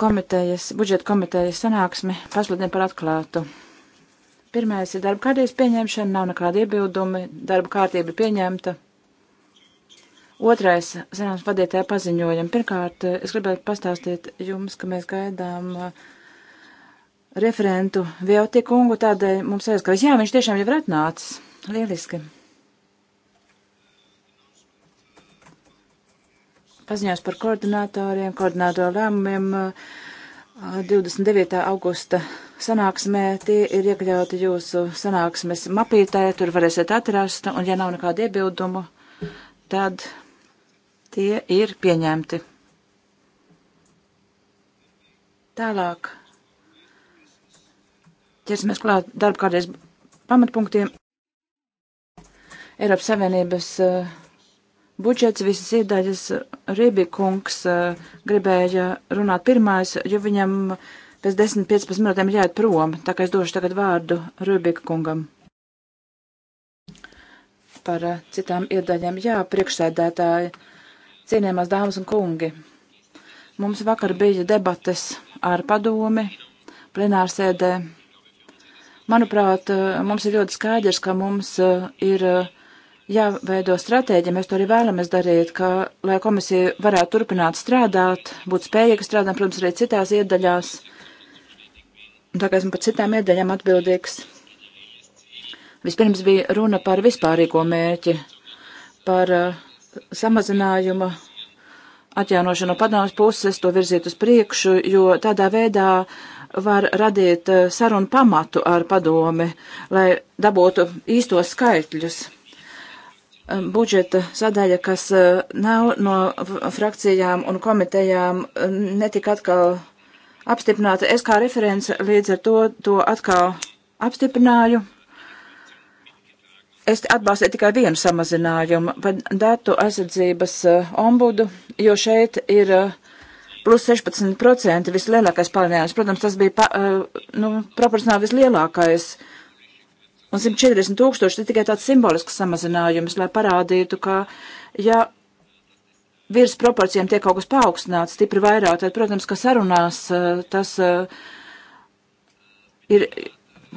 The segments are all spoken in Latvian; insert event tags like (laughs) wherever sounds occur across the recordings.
Komitejas, budžeta komitejas sanāksmi pasludina par atklātu. Pirmais ir darba kārtības pieņemšana, nav nekāda iebildumi, darba kārtība ir pieņemta. Otrais sanāksmes vadītāja paziņojam. Pirmkārt, es gribētu pastāstīt jums, ka mēs gaidām uh, referentu Vjoti kungu, tādēļ mums aizskars. Jā, viņš tiešām jau ir atnācis. Lieliski. paziņās par koordinātoriem, koordinātoru lēmumiem 29. augusta sanāksmē. Tie ir iekļauti jūsu sanāksmes mapītē, tur varēsiet atrast, un ja nav nekādu iebildumu, tad tie ir pieņemti. Tālāk ķersimies klāt darba kārtības pamatpunktiem. Eiropas Savienības uh, budžets, visas iedaļas Rībikungs eh, gribēja runāt pirmais, jo viņam pēc 10-15 minūtēm jāiet prom, tā kā es došu tagad vārdu Rībikungam par eh, citām iedaļām. Jā, priekšsēdētāji, cienījamās dāmas un kungi, mums vakar bija debates ar padomi plenārsēdē. Manuprāt, eh, mums ir ļoti skaidrs, ka mums ir uh, jāveido stratēģija, mēs to arī vēlamies darīt, ka, lai komisija varētu turpināt strādāt, būt spējīga strādāt, protams, arī citās iedaļās. Tā kā esmu par citām iedaļām atbildīgs. Vispirms bija runa par vispārīgo mērķi, par uh, samazinājumu atjaunošanu no padomas puses, to virzīt uz priekšu, jo tādā veidā var radīt eh, sarunu pamatu ar padomi, lai dabūtu īstos skaitļus Um, budžeta sadaļa, kas uh, nav no frakcijām un komitejām, um, netika atkal apstiprināta. Es kā referents līdz ar to to atkal apstiprināju. Es atbalstīju tikai vienu samazinājumu par datu aizsardzības uh, ombudu, jo šeit ir uh, plus 16% vislielākais palielinājums. Protams, tas bija pa, nu, proporcionāli vislielākais. Uh, Un 140 tūkstoši ir tikai tāds simbolisks samazinājums, lai parādītu, ka, ja virs proporcijām tiek kaut kas paaugstināts, stipri vairāk, tad, protams, ka sarunās eh, tas eh, ir.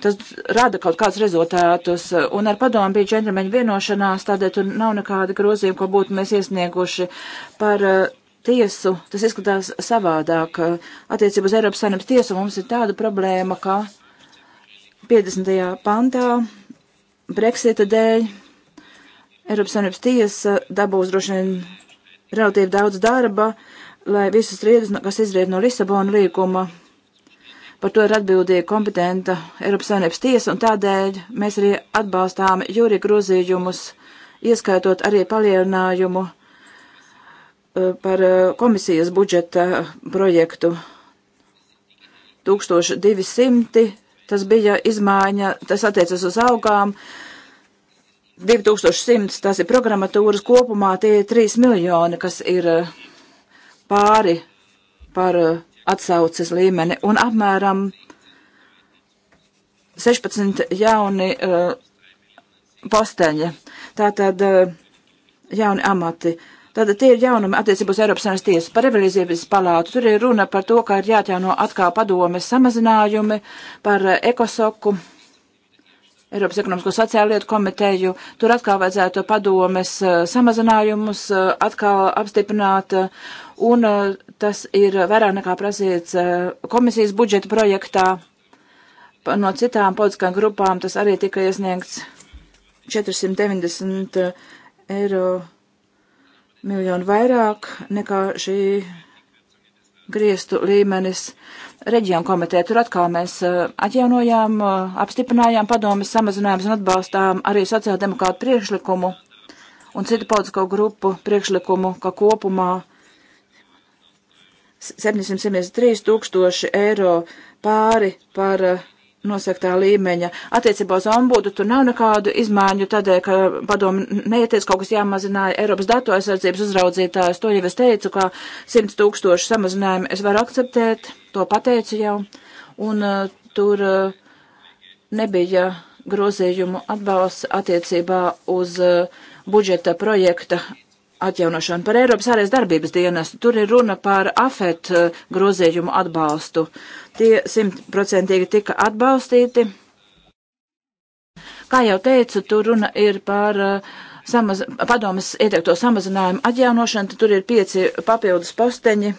Tas rada kaut kādus rezultātus, un ar padomu bija džentlmeņa vienošanās, tādēļ tur nav nekāda grozījuma, ko būtu mēs iesnieguši par eh, tiesu. Tas izskatās savādāk. Attiecībā uz Eiropas saimnības tiesu mums ir tāda problēma, ka 50. pantā Brexita dēļ Eiropas Savienības tiesa dabūs droši vien relatīvi daudz darba, lai visas riedas, kas izriet no Lisabona līguma, par to ir atbildīga kompetenta Eiropas Savienības tiesa, un tādēļ mēs arī atbalstām jūri grozījumus, ieskaitot arī palielinājumu eh, par eh, komisijas budžeta projektu 1200 Tas bija izmaiņa, tas attiecas uz augām. 2100, tas ir programmatūras kopumā, tie ir 3 miljoni, kas ir eh, pāri par eh, atsauces līmeni un apmēram 16 jauni uh, posteņi. Tātad uh, jauni amati. Uh, Tātad tie ir jaunumi attiecībos Eiropas Savienības tiesas par revizijas palātu. Tur ir runa par to, ka ir jāatjauno atkal padomes samazinājumi par eh, ekosoku. Eiropas ekonomisko sociālo lietu komiteju, tur atkal vajadzētu padomes eh, samazinājumus eh, atkal apstiprināt, un tas ir vairāk nekā prasīts komisijas budžeta projektā. No citām politiskām grupām tas arī tika iesniegts 490 eiro miljonu vairāk nekā šī griestu līmenis reģionu komitē. Tur atkal mēs eh, atjaunojām, eh, apstiprinājām padomis, samazinājām un atbalstām arī sociāldemokrātu priekšlikumu un citu politisko grupu priekšlikumu, ka kopumā 773 tūkstoši eiro pāri par eh, nosektā līmeņa. Attiecībā uz ombudu tur nav nekādu izmaiņu, tādēļ, ka padomu neieties kaut kas jāmazināja Eiropas datu aizsardzības uzraudzītājs. To jau es teicu, ka 100 tūkstoši samazinājumu es varu akceptēt, to pateicu jau. Un uh, tur uh, nebija grozījumu atbalsts attiecībā uz uh, budžeta projekta atjaunošanu par Eiropas ārējas darbības dienestu. Tur ir runa par afet uh, grozījumu atbalstu. Uh, Tie simtprocentīgi tika atbalstīti. Kā jau teicu, tur runa ir par uh, samaz, padomas ieteikto samazinājumu atjaunošanu, tad tur ir pieci papildus posteņi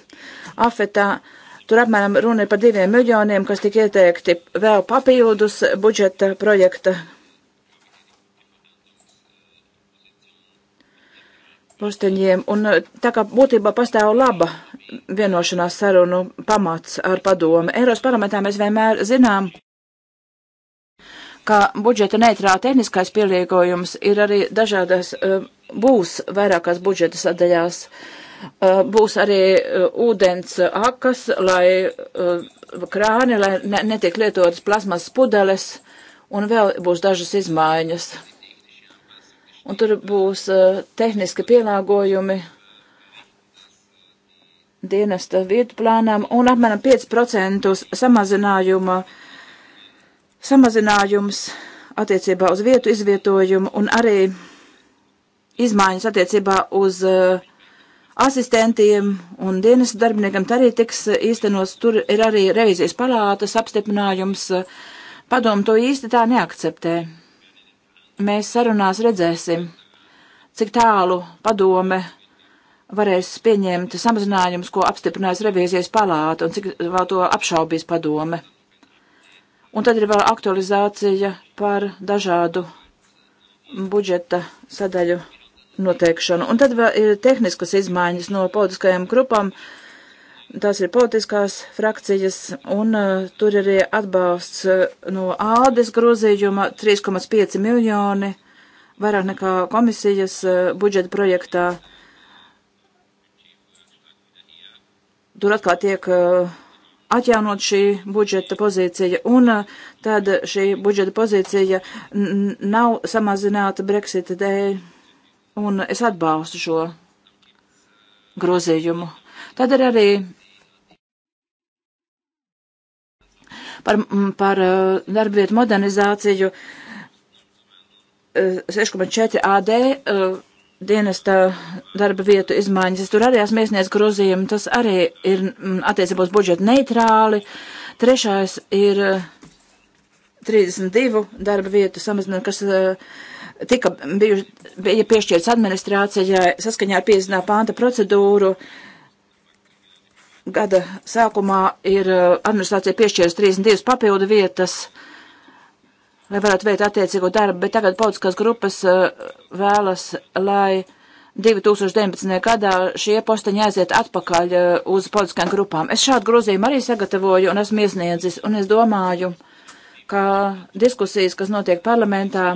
afetā. Tur apmēram runa ir par diviem miljoniem, kas tika ieteikti vēl papildus budžeta projekta posteņiem. Un eh, tā kā būtībā pastāv laba vienošanās sarunu pamats ar padomu. Eiros parlamentā mēs vienmēr zinām, ka budžeta neitrā tehniskais pieliekojums ir arī dažādas, eh, būs vairākās budžeta sadaļās. Eh, būs arī ūdens akas, lai krāni, lai netiek lietotas plasmas pudeles, un vēl būs dažas izmaiņas un tur būs uh, tehniski pielāgojumi dienesta vietu plānām un apmēram 5% samazinājuma, samazinājums attiecībā uz vietu izvietojumu un arī izmaiņas attiecībā uz uh, asistentiem un dienas darbiniekam arī tiks eh, īstenots. Tur ir arī reizes palātas apstiprinājums. Padomu to īsti tā neakceptē mēs sarunās redzēsim, cik tālu padome varēs pieņemt samazinājumus, ko apstiprinās revīzijas palāta un cik vēl to apšaubīs padome. Un tad ir vēl aktualizācija par dažādu budžeta sadaļu noteikšanu. Un tad vēl ir tehniskas izmaiņas no politiskajām grupām. Uh, tās ir politiskās frakcijas, un uh, tur ir arī atbalsts uh, no ādes grozījuma 3,5 miljoni, vairāk nekā komisijas uh, budžeta projektā. Tur atkal tiek uh, atjaunot šī budžeta pozīcija, un uh, tad šī budžeta pozīcija nav samazināta Brexita dēļ, un es atbalstu šo grozījumu. Tad ir arī, arī par, par uh, darbvietu modernizāciju 6,4 uh, AD uh, dienesta darba vietu izmaiņas. Es tur arī esmu iesniedzis grozījumu, tas arī ir attiecībos budžeta neitrāli. Trešais ir 32 darba vietu samazināšana, kas tika bijuši, bija piešķirts administrācijai saskaņā ar 50. pānta procedūru. Uh, Gada sākumā ir uh, administrācija piešķīrusi 32 papildu vietas, lai varētu veikt attiecīgo darbu, bet tagad politiskās grupas uh, vēlas, lai 2019. gadā šie posteņi aiziet atpakaļ uh, uz politiskajām grupām. Es šādu grozījumu arī sagatavoju un esmu iesniedzis, un es domāju, ka diskusijas, kas notiek parlamentā,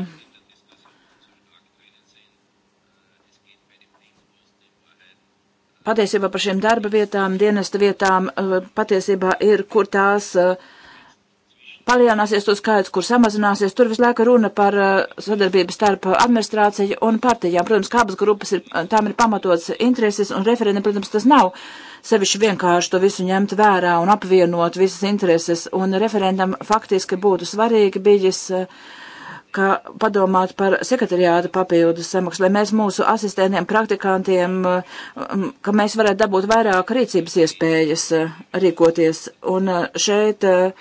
patiesībā par šiem darba vietām, dienesta vietām eh, patiesībā ir, kur tās eh, palielināsies to skaits, kur samazināsies. Tur visu laiku runa par eh, sadarbību starp administrāciju un partijām. Protams, kā abas grupas ir, tām ir pamatots intereses un referendum, protams, tas nav sevišķi vienkārši to visu ņemt vērā un apvienot visas intereses. Un referendam faktiski būtu svarīgi bijis. Uh, ka padomāt par sekretariāta papildus samaksu, lai mēs mūsu asistentiem, praktikantiem, um, ka mēs varētu dabūt vairāk rīcības iespējas uh, rīkoties. Un uh, šeit uh,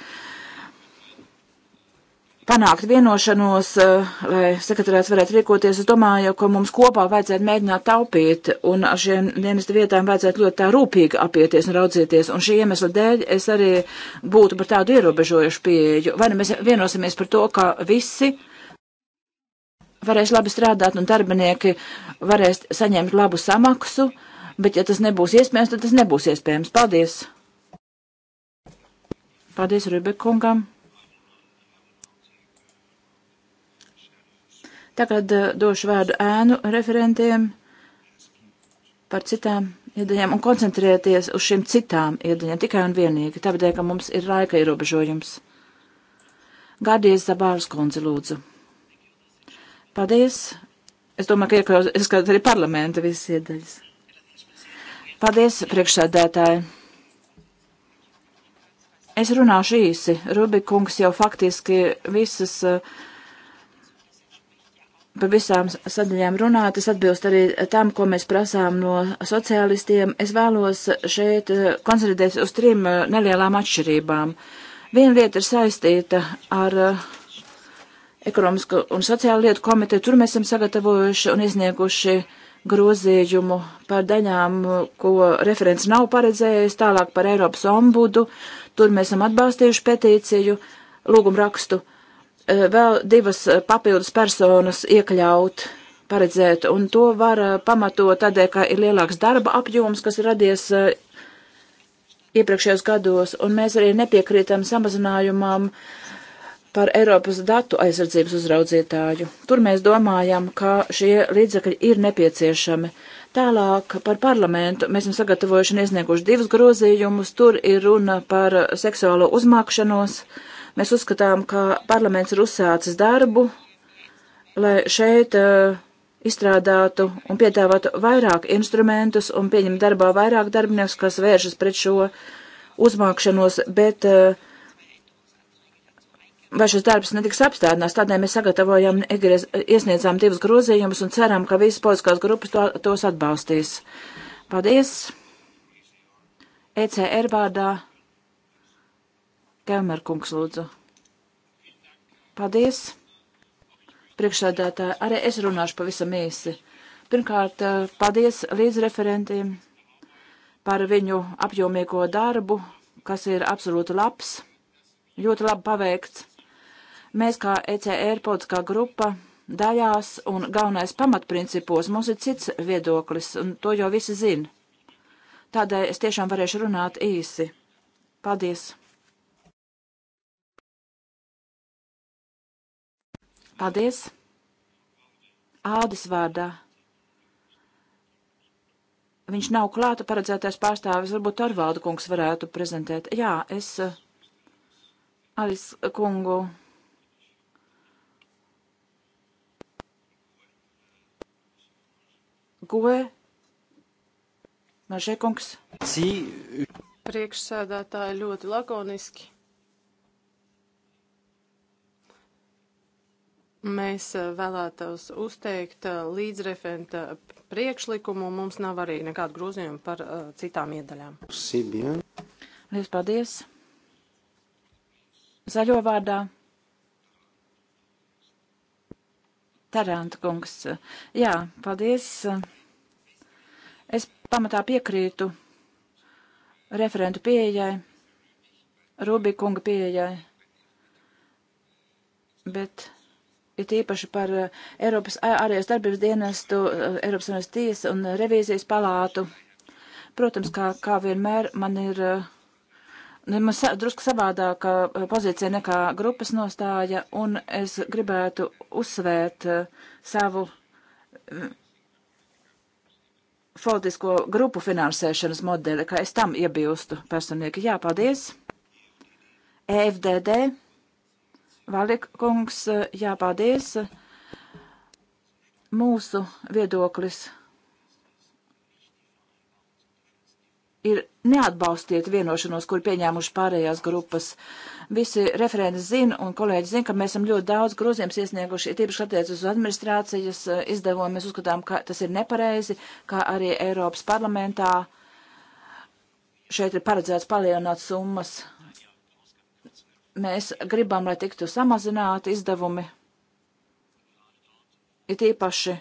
panākt vienošanos, lai sekretariāts varētu rīkoties, es domāju, ka mums kopā vajadzētu mēģināt taupīt un ar šiem dienestu vietām vajadzētu ļoti tā rūpīgi apieties un raudzīties. Un šī iemesla dēļ es arī būtu par tādu ierobežojušu pieeju. Vai nu mēs vienosimies par to, ka visi varēs labi strādāt un darbinieki varēs saņemt labu samaksu, bet ja tas nebūs iespējams, tad tas nebūs iespējams. Paldies! Paldies Rubekungam! Tagad eh, došu vārdu ēnu referentiem par citām iedaļām un koncentrēties uz šīm citām iedaļām tikai un vienīgi, tāpēc, ka mums ir laika ierobežojums. Gārdies Zabāras kundze lūdzu. Paldies. Es domāju, ka iekļaus, es skatās arī parlamenta visas iedaļas. Paldies, priekšsēdētāji. Es runāšu īsi. Rubikungs jau faktiski visas uh, eh, par visām sadaļām runāt. Es atbilstu arī tam, ko mēs prasām no sociālistiem. Es vēlos šeit eh, koncentrēties uz trim eh, nelielām atšķirībām. Viena lieta ir saistīta ar uh, ekonomisko un sociālo lietu komiteju. Tur mēs esam sagatavojuši un iznieguši grozījumu par daļām, ko referents nav paredzējis, tālāk par Eiropas ombudu. Tur mēs esam atbalstījuši petīciju, lūgumu rakstu, e, vēl divas papildus personas iekļaut paredzēt, un to var e, pamatot tādēļ, ka ir lielāks darba apjoms, kas ir radies e, iepriekšējos gados, un mēs arī nepiekrītam samazinājumam uh, par Eiropas datu aizsardzības uzraudzītāju. Tur mēs domājam, ka šie līdzekļi ir nepieciešami. Tālāk par parlamentu mēs esam sagatavojuši un iesnieguši divus grozījumus. Tur ir runa par seksuālo uzmākšanos. Mēs uzskatām, ka parlaments ir uzsācis darbu, lai šeit uh, izstrādātu un piedāvātu vairāk instrumentus un pieņemtu darbā vairāk darbiniekus, kas vēršas pret šo uzmākšanos, bet uh, vai šis darbs netiks apstādināts. Tādēļ mēs sagatavojam, iesniedzām divus grozījumus un ceram, ka visas politiskās grupas to, tos atbalstīs. Paldies! ECR vārdā Kelmerkungs lūdzu. Paldies! Priekšsēdētāji, arī es runāšu pavisam īsi. Pirmkārt, paldies līdzreferentiem par viņu apjomīgo darbu, kas ir absolūti labs, ļoti labi paveikts Mēs kā ECR politiskā grupa daļās un galvenais pamatprincipos mums ir cits viedoklis, un to jau visi zina. Tādēļ es tiešām varēšu runāt īsi. Paldies! Paldies! Ādis vārdā. Viņš nav klāta paredzētais pārstāvis, varbūt Arvalda kungs varētu prezentēt. Jā, es eh, Alis kungu goe. Mažekungs. Priekšsēdētāji ļoti lakoniski. Mēs eh, vēlētos uzteikt eh, līdzreferenta priekšlikumu, un mums nav arī nekādu grozījumu par uh, citām iedaļām. Lielas paldies! Zaļo vārdā. Taranta kungs. Jā, paldies pamatā piekrītu referentu pieejai, Rubikunga pieejai, bet ir īpaši par uh, Eiropas ārējās darbības dienestu, uh, Eiropas Savienības tiesu un uh, revīzijas palātu. Protams, kā, kā vienmēr man ir man sa, drusku savādāka pozīcija nekā grupas nostāja, un es gribētu uzsvērt savu politisko grupu finansēšanas modeli, kā es tam iebilstu personīgi. Jā, paldies. EFDD. Valik kungs, jā, paldies. Mūsu viedoklis ir neatbalstiet vienošanos, kur pieņēmuši pārējās grupas. Visi referenti zina un kolēģi zina, ka mēs esam ļoti daudz grozījums iesnieguši, tīpaši attiecas uz administrācijas eh, izdevumu. Mēs uzskatām, ka tas ir nepareizi, kā arī Eiropas parlamentā šeit ir paredzēts palielināt summas. Mēs gribam, lai tiktu samazināti izdevumi. Ir tīpaši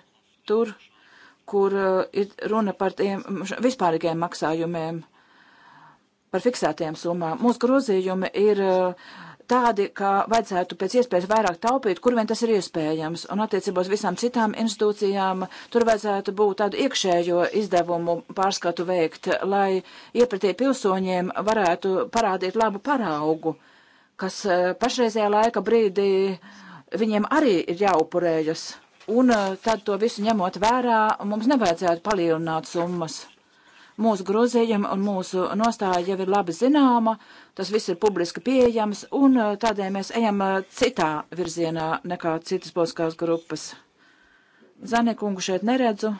tur, kur eh, ir runa par tiem vispārīgiem maksājumiem, par fiksētiem summām. Mūsu grozījumi ir eh, tādi, ka vajadzētu pēc iespējas vairāk taupīt, kur vien tas ir iespējams. Un attiecībā uz visām citām institūcijām tur vajadzētu būt tādu iekšējo izdevumu pārskatu veikt, lai iepratie pilsoņiem varētu parādīt labu paraugu, kas eh, pašreizajā laika brīdī viņiem arī ir jāupurējas. Un eh, tad to visu ņemot vērā, mums nevajadzētu palielināt summas. Mūsu grozījumi un mūsu nostāja jau ir labi zināma, tas viss ir publiski pieejams, un eh, tādēļ mēs ejam eh, citā virzienā nekā citas politiskās grupas. Zanekungu šeit neredzu.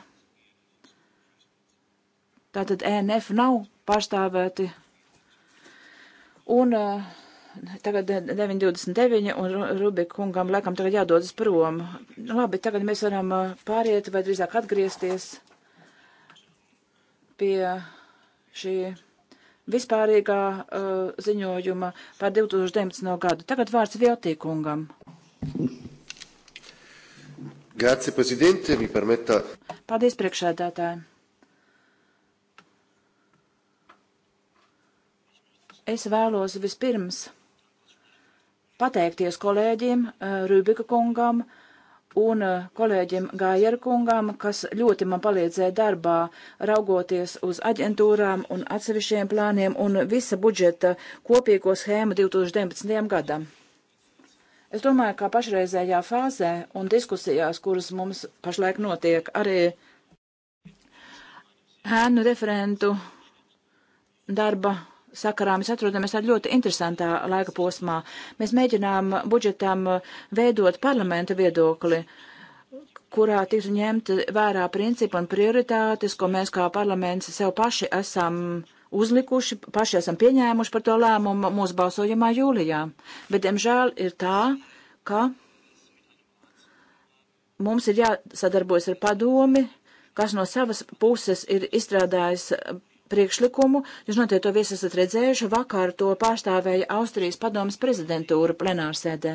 Tātad ENF nav pārstāvēti. Un uh, Tagad 9.29 un Rubikungam laikam tagad jādodas prom. Labi, tagad mēs varam pāriet vai drīzāk atgriezties pie šī vispārīgā uh, ziņojuma par 2019. gadu. Tagad vārds Vjotīkungam. Grazie, prezidente, mi permetta. Paldies, priekšēdētāji. Es vēlos vispirms pateikties kolēģiem eh, Rūbika kungam un eh, kolēģiem Gājera kungam, kas ļoti man palīdzēja darbā, raugoties uz aģentūrām un atsevišķiem plāniem un visa budžeta kopīgo schēmu 2019. gadam. Es domāju, ka pašreizējā fāzē un diskusijās, kuras mums pašlaik notiek, arī ēnu referentu darba sakarā mēs atrodamies tādā ļoti interesantā laika posmā. Mēs mēģinām budžetam veidot parlamenta viedokli, kurā tiks ņemt vērā principi un prioritātes, ko mēs kā parlaments sev paši esam uzlikuši, paši esam pieņēmuši par to lēmumu mūsu balsojumā jūlijā. Bet, diemžēl, ir tā, ka mums ir jāsadarbojas ar padomi, kas no savas puses ir izstrādājis priekšlikumu. Jūs noteikti to visu esat redzējuši. Vakar to pārstāvēja Austrijas padomas prezidentūra plenārsēdē.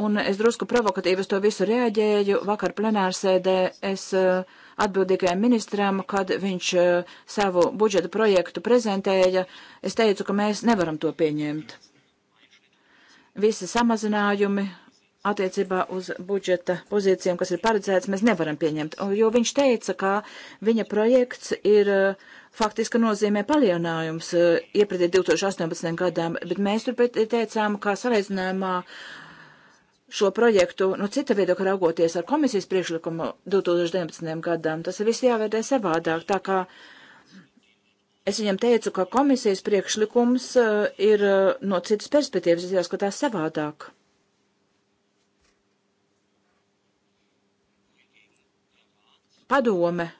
Un es drusku provokatīvi uz to visu reaģēju. Vakar plenārsēdē es eh, atbildīgajam ministram, kad viņš eh, savu budžeta projektu prezentēja, es teicu, ka mēs nevaram to pieņemt. Visi samazinājumi, attiecībā uz budžeta pozīcijām, kas ir paredzēts, mēs nevaram pieņemt, jo viņš teica, ka viņa projekts ir uh, faktiski nozīmē palielinājums uh, iepratī 2018. gadām, bet mēs turpēc teicām, ka salīdzinājumā šo projektu no cita viedokļa raugoties ar komisijas priekšlikumu 2019. gadām, tas ir viss jāvērtē savādāk, tā kā Es viņam teicu, ka komisijas priekšlikums uh, ir no citas perspektīvas jāskatās savādāk. padome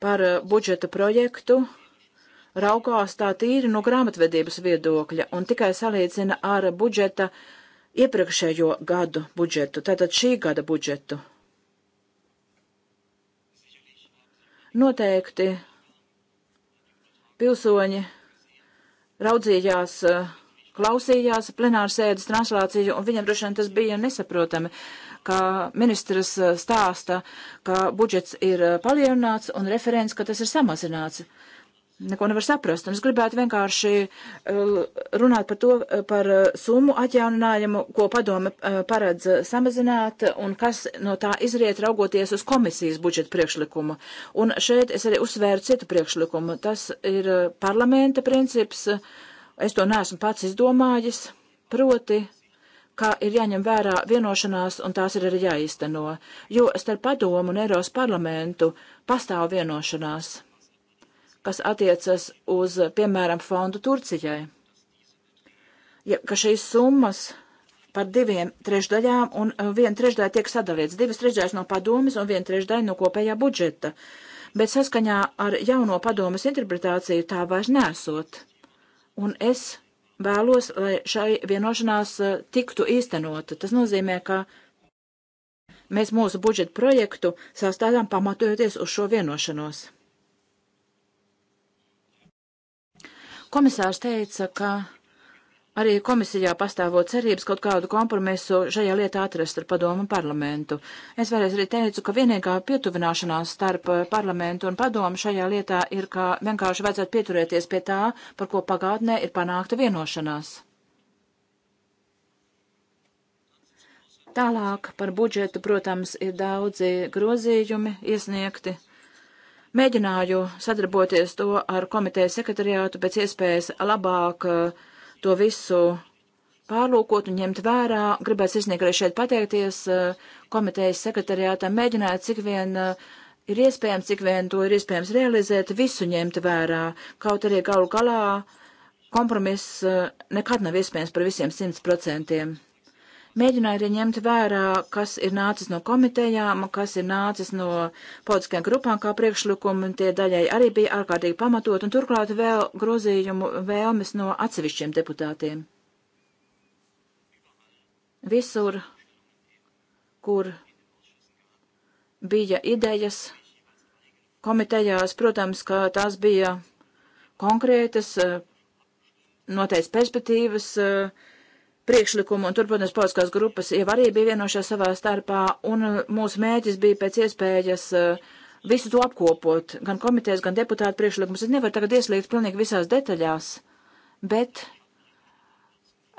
par eh, budžeta projektu raugās tā tīri no grāmatvedības viedokļa un tikai salīdzina ar budžeta iepriekšējo gadu budžetu, tātad šī gada budžetu. Noteikti pilsoņi raudzījās uh, klausījās plenārsēdes translāciju, un viņam droši vien tas bija nesaprotami, ka ministras eh, stāsta, ka budžets ir eh, palielināts un referents, ka tas ir samazināts. Neko nevar saprast, un es gribētu vienkārši eh, runāt par to, par summu atjauninājumu, ko padome paredz samazināt, un kas no tā izriet raugoties uz komisijas budžeta priekšlikumu. Un šeit es arī uzsvēru citu priekšlikumu. Tas ir parlamenta princips. Uh, es to neesmu pats izdomājis, proti, kā ir jāņem vērā vienošanās un tās ir arī jāīsteno, jo starp padomu un Eiros parlamentu pastāv vienošanās, kas attiecas uz, piemēram, fondu Turcijai, ja, ka šīs summas par diviem trešdaļām, un uh, viena trešdaļa tiek sadalīts. Divas trešdaļas no padomas un viena trešdaļa no kopējā budžeta. Bet saskaņā ar jauno padomas interpretāciju tā vairs nesot. Un es vēlos, lai šai vienošanās e, tiktu īstenota. Tas nozīmē, ka mēs mūsu budžeta projektu sastādām pamatojoties uz šo vienošanos. Komisārs teica, ka Arī komisijā pastāvot cerības kaut kādu kompromisu šajā lietā atrast ar padomu un parlamentu. Es vēlreiz arī teicu, ka vienīgā pietuvināšanās starp eh, parlamentu un padomu šajā lietā ir, ka vienkārši vajadzētu pieturēties pie tā, par ko pagātnē ir panākta vienošanās. Tālāk par budžetu, protams, ir daudzi grozījumi iesniegti. Mēģināju sadarboties to ar komitejas sekretariātu pēc iespējas labāk uh, to visu pārlūkot un ņemt vērā. Gribētu sirsnīgi arī šeit pateikties eh, komitejas sekretariātam, mēģināt cik vien eh, ir iespējams, cik vien to ir iespējams realizēt, visu ņemt vērā, kaut arī galu galā kompromiss eh, nekad nav iespējams par visiem simt procentiem. Mēģināju arī ņemt vērā, kas ir nācis no komitejām, kas ir nācis no politiskajām grupām kā priekšlikumi, tie daļai arī bija ārkārtīgi pamatot, un turklāt vēl grozījumu vēlmes no atsevišķiem deputātiem. Visur, kur bija idejas komitejās, protams, ka tās bija konkrētas, eh, noteikts perspektīvas, uh, priekšlikumu, un tur, protams, politiskās grupas jau arī bija vienošās savā starpā, un uh, mūsu mēģis bija pēc iespējas uh, visu to apkopot, gan komitejas, gan deputātu priekšlikumus. Es nevaru tagad ieslīgt pilnīgi visās detaļās, bet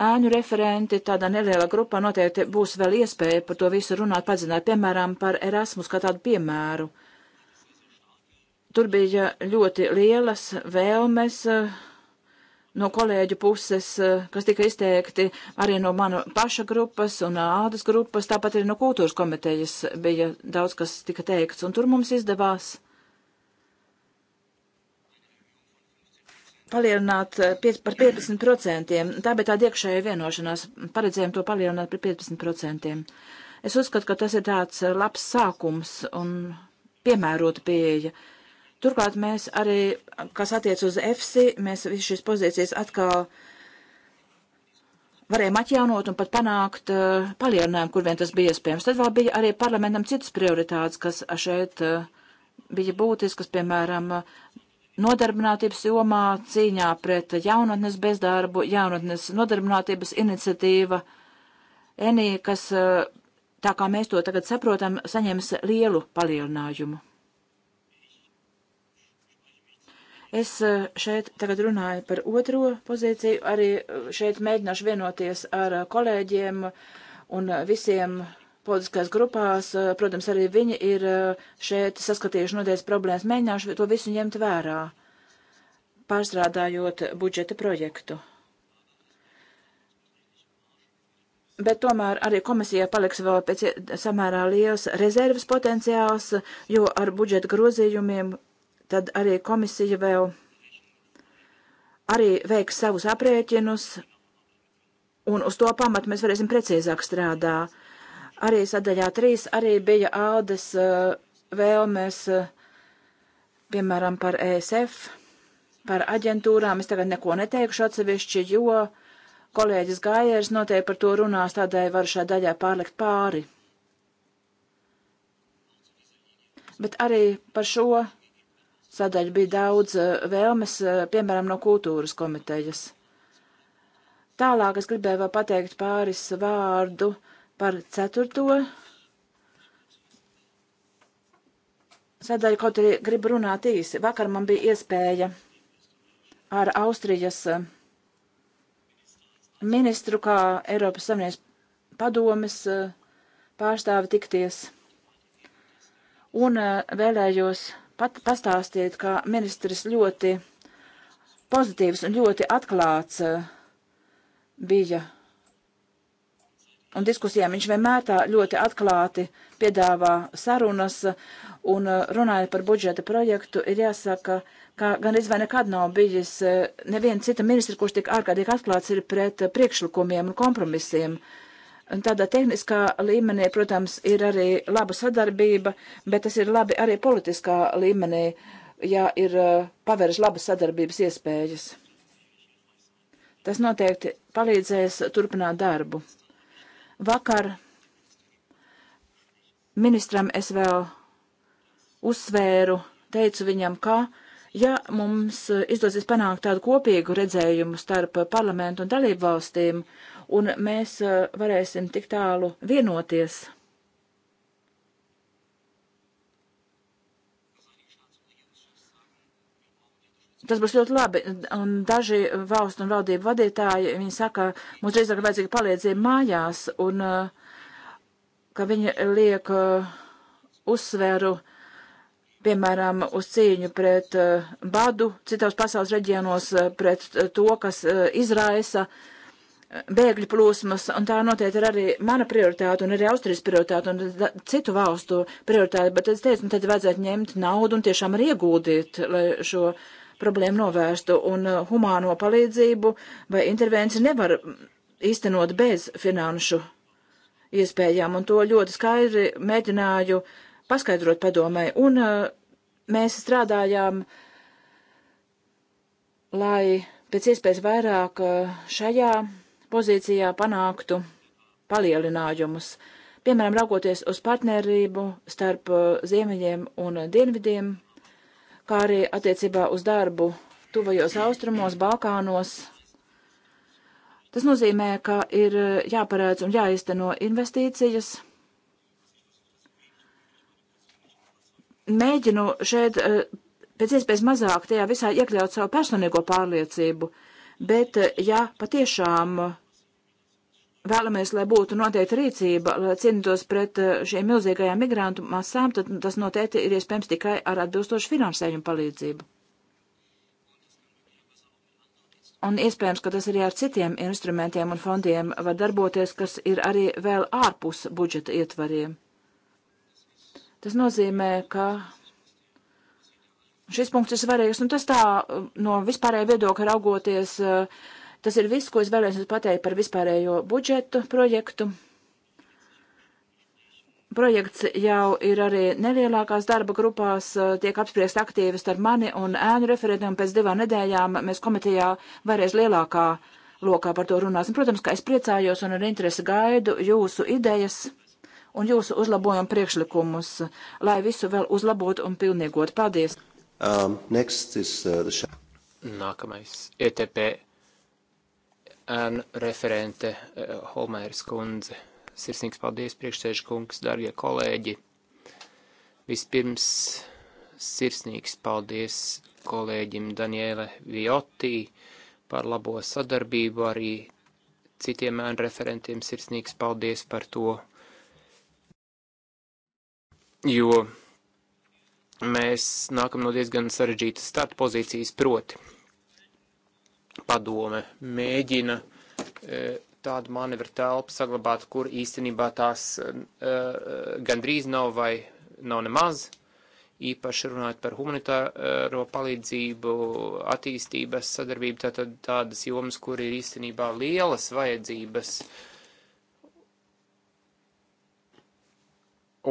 ēnu referenti tādā nelielā grupā noteikti būs vēl iespēja par to visu runāt, padzināt, piemēram, par Erasmus kā tādu piemēru. Tur bija ļoti lielas vēlmes. Uh, no kolēģu puses, eh, kas tika izteikti arī no mana paša grupas un eh, ādas grupas, tāpat arī no kultūras komitejas bija daudz, kas tika teikts, un tur mums izdevās palielināt eh, par 15%. Tā bija tāda iekšēja vienošanās, paredzējām to palielināt par 15%. Es uzskatu, ka tas ir tāds labs sākums un piemērota pieeja. Uh, Turklāt mēs arī, kas attiec uz EFSI, mēs visu šīs pozīcijas atkal varējām atjaunot un pat panākt uh, palielinājumu, kur vien tas bija iespējams. Tad vēl bija arī parlamentam citas prioritātes, kas šeit uh, bija būtiskas, piemēram, nodarbinātības jomā, cīņā pret jaunatnes bezdarbu, jaunatnes nodarbinātības iniciatīva, ENI, kas, uh, tā kā mēs to tagad saprotam, saņems lielu palielinājumu. Es e, šeit tagad runāju par otro pozīciju, arī e, šeit mēģināšu vienoties ar e, kolēģiem un visiem politiskās grupās. Protams, arī viņi ir šeit saskatījuši noteikti problēmas. Mēģināšu to visu ņemt vērā, pārstrādājot budžeta projektu. bet tomēr arī komisijai paliks vēl pēc samērā liels rezerves potenciāls, jo ar budžeta grozījumiem tad arī komisija vēl arī veiks savus aprēķinus, un uz to pamatu mēs varēsim precīzāk strādā. Arī sadaļā trīs arī bija Aldes eh, vēlmes, eh, piemēram, par ESF, par aģentūrām. Es tagad neko neteikšu atsevišķi, jo kolēģis Gājērs noteikti par to runās, tādēļ varu šā daļā pārlikt pāri. Bet arī par šo sadaļu bija daudz eh, vēlmes, eh, piemēram, no kultūras komitejas. Tālāk es gribēju vēl pateikt pāris vārdu par ceturto sadaļu, kaut arī gribu runāt īsi. Vakar man bija iespēja ar Austrijas eh, ministru kā Eiropas Savienības padomes pārstāvi tikties. Un vēlējos pat pastāstīt, ka ministrs ļoti pozitīvs un ļoti atklāts uh, bija. Un diskusijām viņš vienmēr tā ļoti atklāti piedāvā sarunas uh, un uh, runāja par budžeta projektu. Ir jāsaka, ka gan izvēl nekad nav bijis neviena cita ministra, kurš tik ārkārtīgi atklāts ir pret priekšlikumiem un kompromisiem. Uh, Un tādā tehniskā līmenī, protams, ir arī laba sadarbība, bet tas ir labi arī politiskā līmenī, ja ir uh, pavērs labas sadarbības iespējas. Tas noteikti palīdzēs turpināt darbu. Vakar ministram es vēl uzsvēru, teicu viņam, ka, ja mums uh, izdosies panākt tādu kopīgu redzējumu starp uh, parlamentu un dalību valstīm, uh, un mēs eh, varēsim tik tālu vienoties. Tas būs ļoti labi, un daži valstu un valdību vadītāji, viņi saka, mums drīzāk vajadzīga palīdzība mājās, un eh, ka viņi liek eh, uzsveru, piemēram, uz cīņu pret badu citos pasaules reģionos, pret to, kas izraisa uh, bēgļu plūsmas, un tā noteikti ir arī mana prioritāte, un arī Austrijas prioritāte, un citu valstu prioritāte, bet es teicu, nu tad vajadzētu ņemt naudu un tiešām arī ieguldīt, lai šo problēmu novērstu, un uh, humāno palīdzību vai intervenciju nevar īstenot bez finanšu iespējām, un to ļoti skaidri mēģināju paskaidrot padomē, un uh, mēs strādājām, lai pēc iespējas vairāk uh, šajā pozīcijā panāktu palielinājumus. Piemēram, raugoties uz partnerību starp uh, ziemeļiem un dienvidiem, kā arī attiecībā uz darbu tuvajos austrumos, Balkānos. Tas nozīmē, ka ir uh, jāparēdz un jāizteno investīcijas. Mēģinu šeit uh, pēc iespējas mazāk tajā visā iekļaut savu personīgo pārliecību, bet ja patiešām vēlamies, lai būtu noteikta rīcība, lai cienītos pret eh, šiem milzīgajām migrantu masām, tad tas noteikti ir iespējams tikai ar atbilstošu finansējumu palīdzību. Un iespējams, ka tas arī ar citiem instrumentiem un fondiem var darboties, kas ir arī vēl ārpus budžeta ietvariem. Tas nozīmē, ka šis punkts ir svarīgs, un tas tā eh, no vispārējā viedokļa raugoties uh, Tas ir viss, ko es vēlējos jums pateikt par vispārējo budžetu projektu. Projekts jau ir arī nelielākās darba grupās, eh, tiek apspriest aktīvi starp mani un ēnu referentiem. Pēc divām nedēļām mēs komitejā vēlreiz lielākā lokā par to runāsim. Protams, ka es priecājos un ar interesi gaidu jūsu idejas un jūsu uzlabojumu priekšlikumus, lai visu vēl uzlabotu un pilnīgotu. Paldies! Um, next is, uh, the... Nākamais ETP ēnu referente eh, Holmēras kundze. Sirsnīgs paldies, priekšsēžu kungs, darbie kolēģi. Vispirms sirsnīgs paldies kolēģim Daniele Vioti par labo sadarbību, arī citiem ēnu referentiem sirsnīgs paldies par to, jo mēs nākam no diezgan sarežģītas starta pozīcijas proti padome mēģina e, tādu manevru telpu saglabāt, kur īstenībā tās e, e, gandrīz nav vai nav nemaz. Īpaši runājot par humanitāro palīdzību, attīstības sadarbību, tātad tādas jomas, kur ir īstenībā lielas vajadzības uh,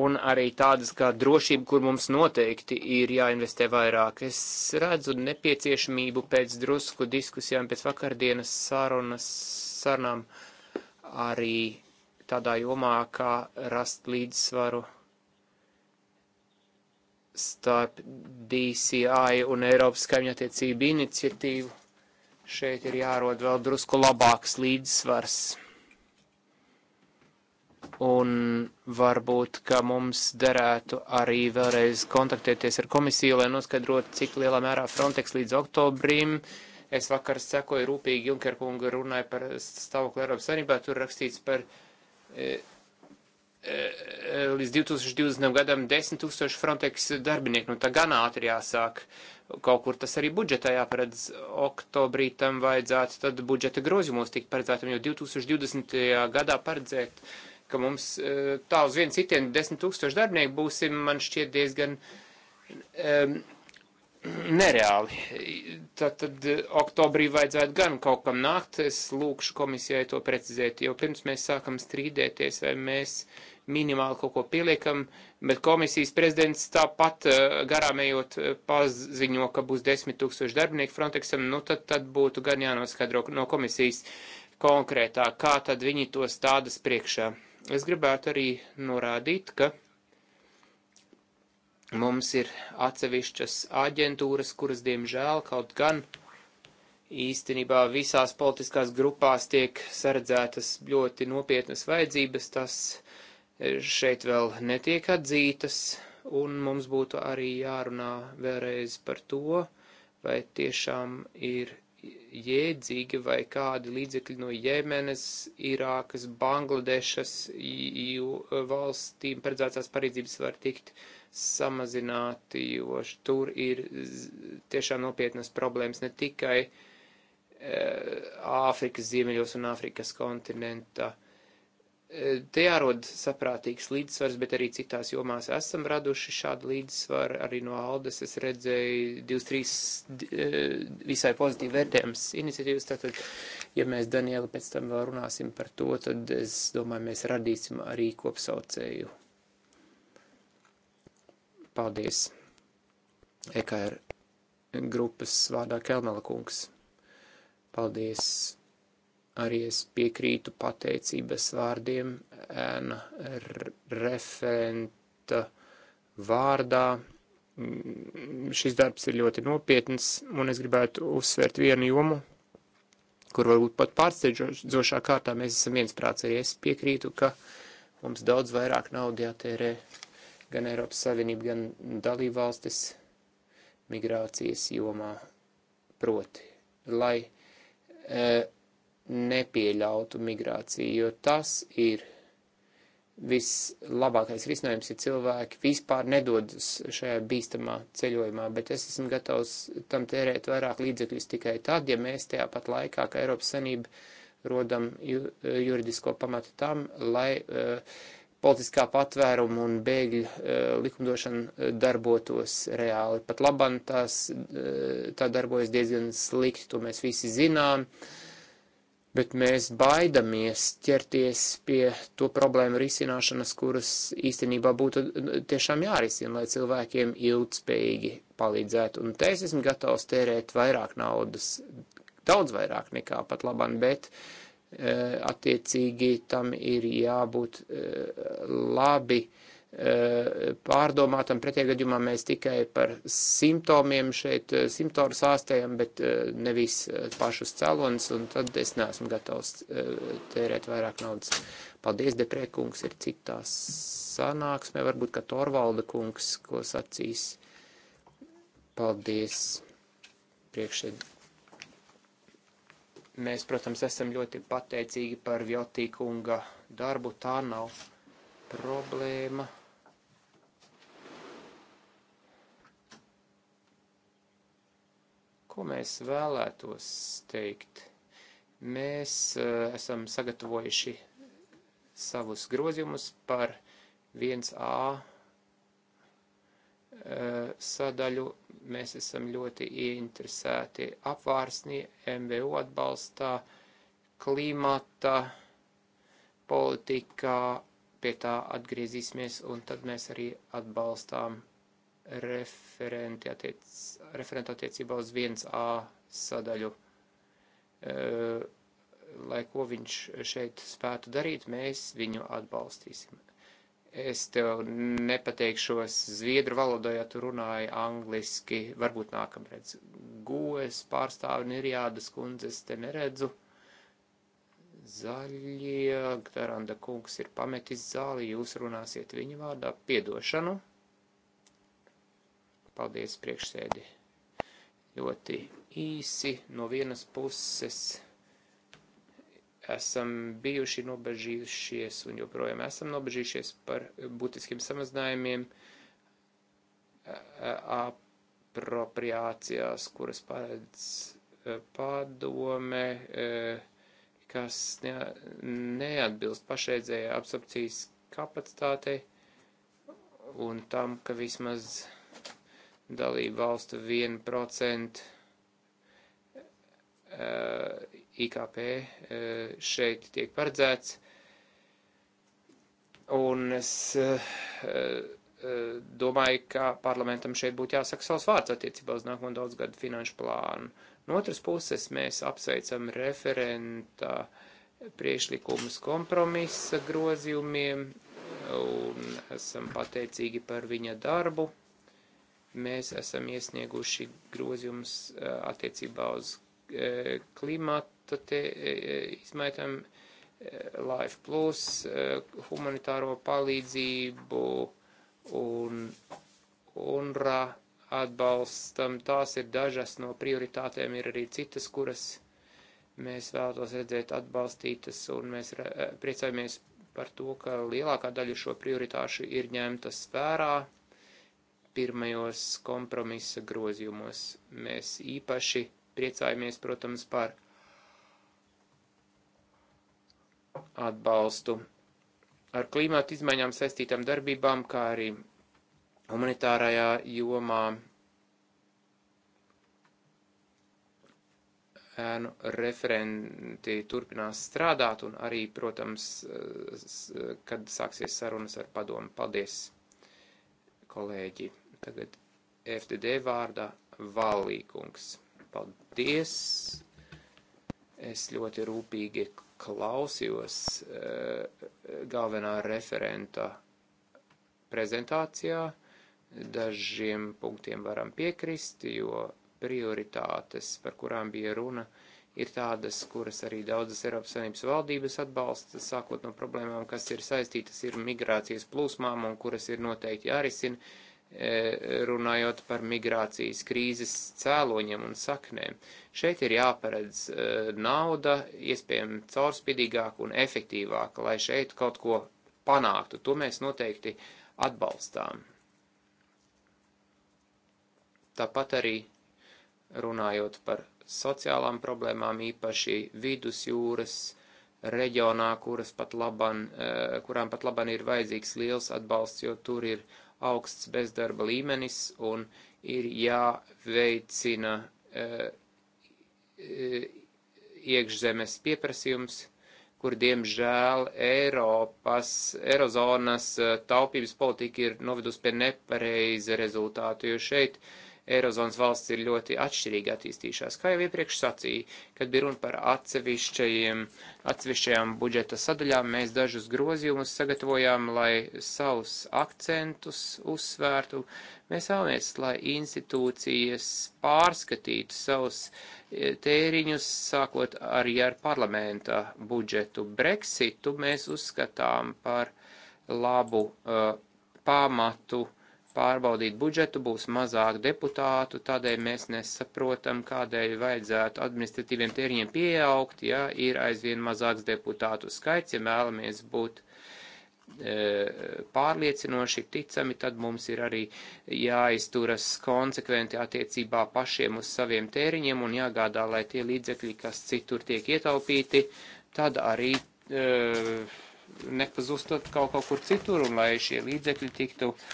un arī tādas kā drošība, kur mums noteikti ir jāinvestē vairāk. Es redzu nepieciešamību pēc drusku diskusijām, pēc vakardienas sarunas, sarunām arī tādā jomā, kā rast līdzsvaru starp DCI un Eiropas kaimiņattiecību iniciatīvu. Šeit ir jārod vēl drusku labāks līdzsvars un varbūt, ka mums derētu arī vēlreiz kontaktēties ar komisiju, lai noskaidrotu, cik lielā mērā Frontex līdz oktobrim. Es vakar sekoju rūpīgi Junkerkunga runāju par stāvokli Eiropas Savienībā, tur rakstīts par e, e, e līdz 2020. gadam 10 tūkstoši Frontex darbinieku, nu tā gan ātri jāsāk. Kaut kur tas arī budžetā jāparedz oktobrī tam vajadzētu tad budžeta grozījumos tikt paredzētam, jo 2020. gadā paredzēt uh, ka mums eh, tā uz vienu citienu desmit tūkstoši darbinieku būsim, man šķiet diezgan um, nereāli. Tad, tad eh, oktobrī vajadzētu gan kaut kam nākt, es lūkšu komisijai to precizēt, jo pirms mēs sākam strīdēties, vai mēs minimāli kaut ko pieliekam, bet komisijas prezidents tāpat eh, garām ejot paziņo, ka būs desmit tūkstoši darbinieku Frontexam, nu tad, tad būtu gan jānoskadro no komisijas konkrētāk, kā tad viņi to stādas priekšā. Es gribētu arī norādīt, ka mums ir atsevišķas aģentūras, kuras, diemžēl, kaut gan īstenībā visās politiskās grupās tiek saredzētas ļoti nopietnas vajadzības, tas e, šeit vēl netiek atzītas, un mums būtu arī jārunā vēlreiz par to, vai tiešām ir jēdzīgi vai kādi līdzekļi no Jemenas, Irākas, Bangladešas valstīm paredzētās parīdzības var tikt samazināti, jo tur ir tiešām nopietnas problēmas ne tikai eh, Āfrikas ziemeļos un Āfrikas kontinenta Te jārod saprātīgs līdzsvars, bet arī citās jomās esam raduši šādu līdzsvaru. Arī no Aldes es redzēju 23 e, visai pozitīvi vērtējums iniciatīvas. Tātad, ja mēs Danieli pēc tam vēl runāsim par to, tad es domāju, mēs radīsim arī kopsaucēju. Paldies! EKR er grupas vārdā Kelmela kungs. Paldies! Arī es piekrītu pateicības vārdiem ēna referenta vārdā. Mm, šis darbs ir ļoti nopietns, un es gribētu uzsvērt vienu jomu, kur varbūt pat pārsteidzošā kārtā mēs esam viensprāts. Arī es piekrītu, ka mums daudz vairāk naudu jātērē gan Eiropas Savienība, gan dalībvalstis migrācijas jomā proti, lai e, nepieļautu migrāciju, jo tas ir vislabākais risinājums, ja cilvēki vispār nedodas šajā bīstamā ceļojumā, bet es esmu gatavs tam tērēt vairāk līdzekļus tikai tad, ja mēs tajā pat laikā, kā Eiropas Sanība rodam ju, juridisko pamatu tam, lai uh, politiskā patvēruma un bēgļu uh, likumdošana eh, darbotos reāli. Pat labam tās, uh, tā darbojas diezgan slikti, to mēs visi zinām. Uh, bet mēs baidamies ķerties pie to problēmu risināšanas, kuras īstenībā būtu tiešām jārisina, lai cilvēkiem ilgspējīgi palīdzētu. Un te es esmu gatavs tērēt vairāk naudas, daudz vairāk nekā pat labam, bet eh, attiecīgi tam ir jābūt eh, labi Eh, pārdomātam pretiegadījumā mēs tikai par simptomiem šeit eh, simptomu sāstējam, bet eh, nevis pašus cēlonis, un tad es neesmu gatavs tērēt vairāk naudas. Paldies, Deprē kungs, ir citā sanāksmē, varbūt, ka Torvalda kungs, ko sacīs. Paldies, priekšēd. Mēs, protams, esam ļoti pateicīgi par Vjotī kunga darbu, tā nav problēma Ko mēs vēlētos teikt? Mēs uh, esam sagatavojuši savus grozījumus par 1A eh, sadaļu. Mēs esam ļoti ieinteresēti apvārsnī, MVU atbalstā, klimata politikā, pie tā atgriezīsimies, un tad mēs arī atbalstām referenti attiec, referentu attiecībā uz 1A sadaļu. E, lai ko viņš šeit spētu darīt, mēs viņu atbalstīsim. Es tev nepateikšos zviedru valodā, ja tu runāji angliski, varbūt nākamreiz. Goes pārstāvi Nirjādas kundzes te neredzu. Zaļie, Gdaranda kungs ir pametis zāli, jūs runāsiet viņa vārdā piedošanu. Paldies priekšsēdi ļoti īsi. No vienas puses esam bijuši nobežījušies un joprojām esam nobežījušies par būtiskiem samazinājumiem apropriācijās, kuras paredz padome, kas neatbilst pašreizējai absorpcijas kapacitātei un tam, ka vismaz dalību valstu 1% eh, IKP eh, šeit tiek paredzēts. Un es eh, domāju, ka parlamentam šeit būtu jāsaka savs vārds attiecībā uz nākamo daudzgadu finanšu plānu. No otras puses, mēs apsveicam referenta priešlikumus kompromisa grozījumiem un esam pateicīgi par viņa darbu. Mēs esam iesnieguši grozījums eh, attiecībā uz eh, klimata eh, izmaitam Life Plus, humanitāro palīdzību un UNRA atbalstam. Tās ir dažas no prioritātēm, ir arī citas, kuras mēs vēlētos redzēt atbalstītas, un mēs priecājamies par to, ka lielākā daļa šo prioritāšu ir ņemtas vērā pirmajos kompromisa grozījumos. Mēs īpaši priecājamies, protams, par atbalstu ar klimatu izmaiņām saistītām darbībām, kā arī humanitārajā jomā ēnu referenti turpinās strādāt un arī, protams, kad sāksies sarunas ar padomu. Paldies, kolēģi! Tagad FDD vārdā Valīkungs. Paldies! Es ļoti rūpīgi klausījos uh, galvenā referenta prezentācijā. Dažiem punktiem varam piekrist, jo prioritātes, par kurām bija runa, ir tādas, kuras arī daudzas Eiropas Savienības valdības atbalsta, sākot no problēmām, kas ir saistītas ar migrācijas plūsmām un kuras ir noteikti jārisina E, runājot par migrācijas krīzes cēloņiem un saknēm. Šeit ir jāparedz e, nauda, iespējami caurspidīgāka un efektīvāka, lai šeit kaut ko panāktu. To mēs noteikti atbalstām. Tāpat arī runājot par sociālām problēmām, īpaši vidusjūras reģionā, kuras pat laban, e, kurām pat laban ir vajadzīgs liels atbalsts, jo tur ir uh, augsts bezdarba līmenis un ir jāveicina e, e, iekšzemes pieprasījums, kur diemžēl Eiropas, Eirozonas e, taupības politika ir novedusi pie nepareiza rezultātu, jo šeit uh, Eirozonas valsts ir ļoti atšķirīgi attīstījušās. Kā jau iepriekš sacīja, kad bija runa par atsevišķajām budžeta sadaļām, mēs dažus grozījumus sagatavojām, lai savus akcentus uzsvērtu. Mēs vēlamies, lai institūcijas pārskatītu savus e, tēriņus, sākot arī ar parlamenta budžetu. Brexitu mēs uzskatām par labu uh, pamatu uh, pārbaudīt budžetu, būs mazāk deputātu, tādēļ mēs nesaprotam, kādēļ vajadzētu administratīviem tēriņiem pieaugt, ja ir aizvien mazāks deputātu skaits, ja vēlamies būt e, pārliecinoši, ticami, tad mums ir arī jāizturas konsekventi attiecībā pašiem uz saviem tēriņiem un jāgādā, lai tie līdzekļi, kas citur tiek ietaupīti, tad arī e, nepazustot kaut, kaut kur citur un lai šie līdzekļi tiktu uh,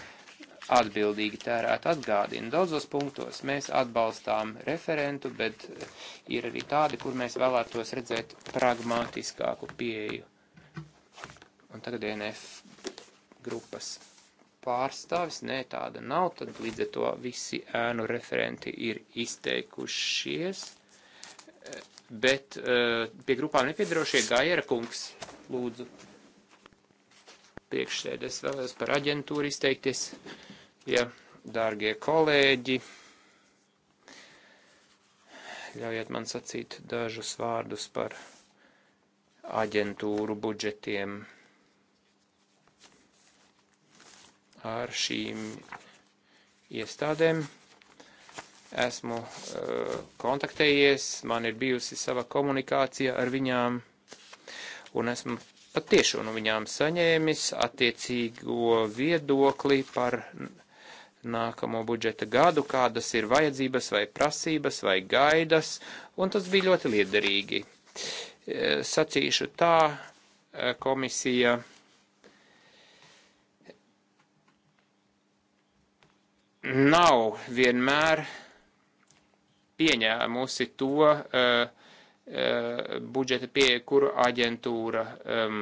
atbildīgi tērēt. Atgādinu, daudzos punktos mēs atbalstām referentu, bet eh, ir arī tādi, kur mēs vēlētos redzēt pragmatiskāku pieeju. Un tagad DNF grupas pārstāvis, nē, tāda nav, tad līdz ar to visi ēnu referenti ir izteikušies, eh, bet eh, pie grupām nepiedarošie Gaiera kungs, lūdzu, priekšsēdēs vēlēs par aģentūru izteikties. Uh, Ja, dārgie kolēģi, ļaujiet man sacīt dažus vārdus par aģentūru budžetiem. Ar šīm iestādēm esmu uh, kontaktējies, man ir bijusi sava komunikācija ar viņām, un esmu patiešām no viņām saņēmis attiecīgo viedokli par uh, nākamo budžeta gadu, kādas ir vajadzības vai prasības vai gaidas, un tas bija ļoti liederīgi. E, sacīšu tā, e, komisija nav vienmēr pieņēmusi to uh, uh, budžeta pieeja, kuru aģentūra um,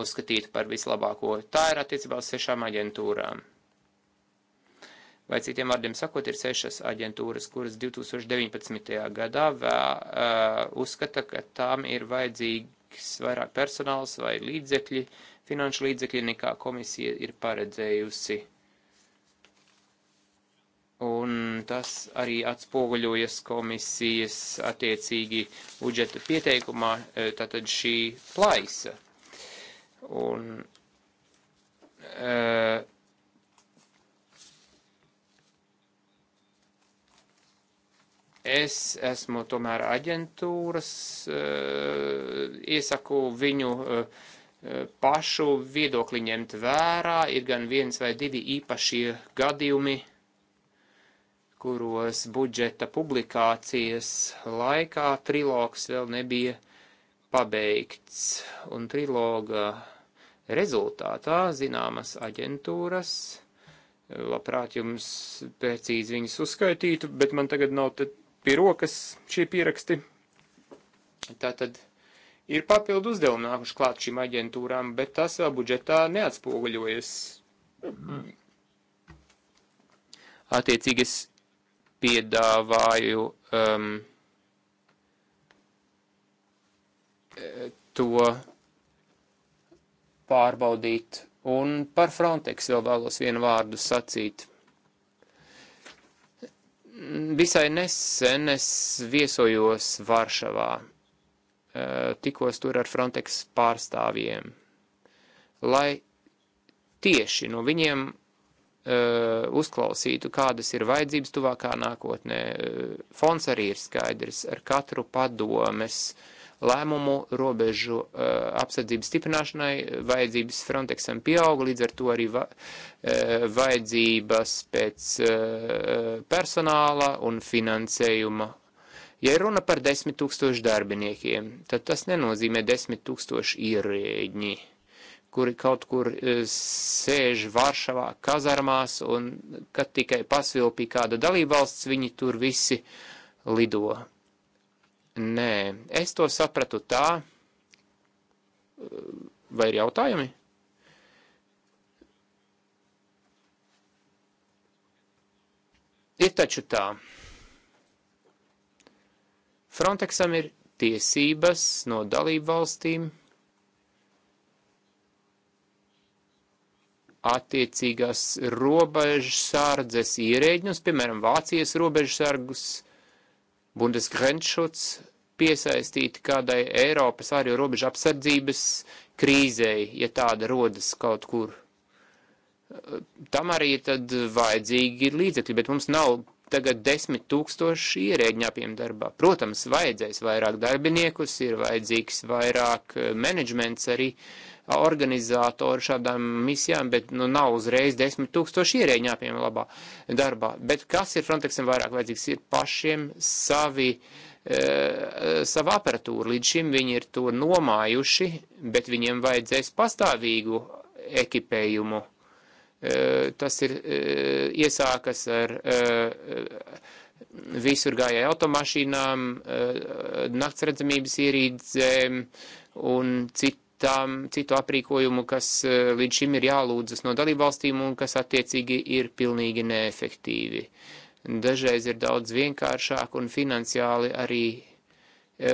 uzskatītu par vislabāko. Tā ir attiecībā uz sešām aģentūrām. Vai citiem vārdiem sakot, ir sešas aģentūras, kuras 2019. gadā vē, uh, uzskata, ka tām ir vajadzīgs vairāk personāls vai līdzekļi, finanšu līdzekļi, nekā komisija ir paredzējusi. Un tas arī atspoguļojas komisijas attiecīgi budžeta pieteikumā, tātad šī plaisa. Un, uh, Es esmu tomēr aģentūras, eh, iesaku viņu eh, pašu viedokli ņemt vērā, ir gan viens vai divi īpašie gadījumi, kuros budžeta publikācijas laikā trilogs vēl nebija pabeigts, un triloga rezultātā zināmas aģentūras, eh, labprāt jums precīzi viņas uzskaitītu, bet man tagad nav te pie rokas šie pieraksti. Tātad ir papildu uzdevumi nākuši klāt šīm aģentūrām, bet tas vēl budžetā neatspoguļojas. Attiecīgi es piedāvāju um, to pārbaudīt. Un par Frontex vēl vēlos vienu vārdu sacīt. Visai nesen es viesojos Varšavā, tikos tur ar Frontex pārstāvjiem, lai tieši no viņiem Uh, uzklausītu, kādas ir vajadzības tuvākā nākotnē. Uh, fonds arī ir skaidrs ar katru padomes lēmumu robežu uh, apsardzības stiprināšanai, vajadzības Frontexam pieauga, līdz ar to arī va, uh, vajadzības pēc uh, personāla un finansējuma. Ja runa par desmit tūkstošu darbiniekiem, tad tas nenozīmē desmit tūkstošu ierēģi kuri kaut kur sēž Varšavā kazarmās, un kad tikai pasvilpī kāda dalībvalsts, viņi tur visi lido Nē, es to sapratu tā, vai ir jautājumi? Ir taču tā. Frontexam ir tiesības no dalību valstīm attiecīgās robežsardzes ierēģinus, piemēram, Vācijas robežsargus Bundesgrenzschutz piesaistīti kādai Eiropas ārējo robežu apsardzības krīzei, ja tāda rodas kaut kur. Tam arī tad vajadzīgi ir līdzekļi, bet mums nav tagad desmit tūkstoši ierēģiņu apiem darbā. Protams, vajadzēs vairāk darbiniekus, ir vajadzīgs vairāk eh, menedžments arī uh, organizatori šādām misijām, bet nu, nav uzreiz desmit tūkstoši ierēģi jāpiem labā darbā. Bet kas ir Frontexam vairāk vajadzīgs? Ir pašiem savi, e, eh, savu aparatūru. Līdz šim viņi ir to nomājuši, bet viņiem vajadzēs pastāvīgu ekipējumu. E, tas ir e, iesākas ar. E, visur gājēja automašīnām, naktsredzamības ierīdzēm un citu citām, citu aprīkojumu, kas e, līdz šim ir jālūdzas no dalībvalstīm un kas attiecīgi ir pilnīgi neefektīvi. Dažreiz ir daudz vienkāršāk un finansiāli arī e,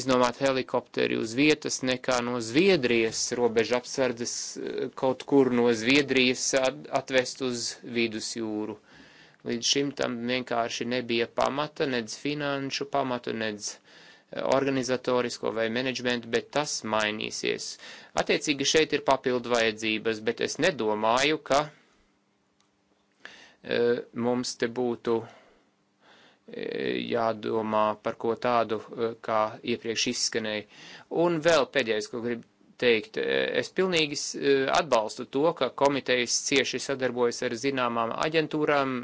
iznomāt helikopteri uz vietas nekā no Zviedrijas robeža apsardzes e, kaut kur no Zviedrijas atvest uz vidusjūru. Līdz šim tam vienkārši nebija pamata, nedz finanšu pamatu, nedz organizatorisko vai menedžmentu, bet tas mainīsies. Attiecīgi šeit ir papildu vajadzības, bet es nedomāju, ka e, mums te būtu e, jādomā par ko tādu, e, kā iepriekš izskanēja. Un vēl pēdējais, ko gribu teikt. E, es pilnīgi e, atbalstu to, ka komitejas cieši sadarbojas ar zināmām aģentūrām,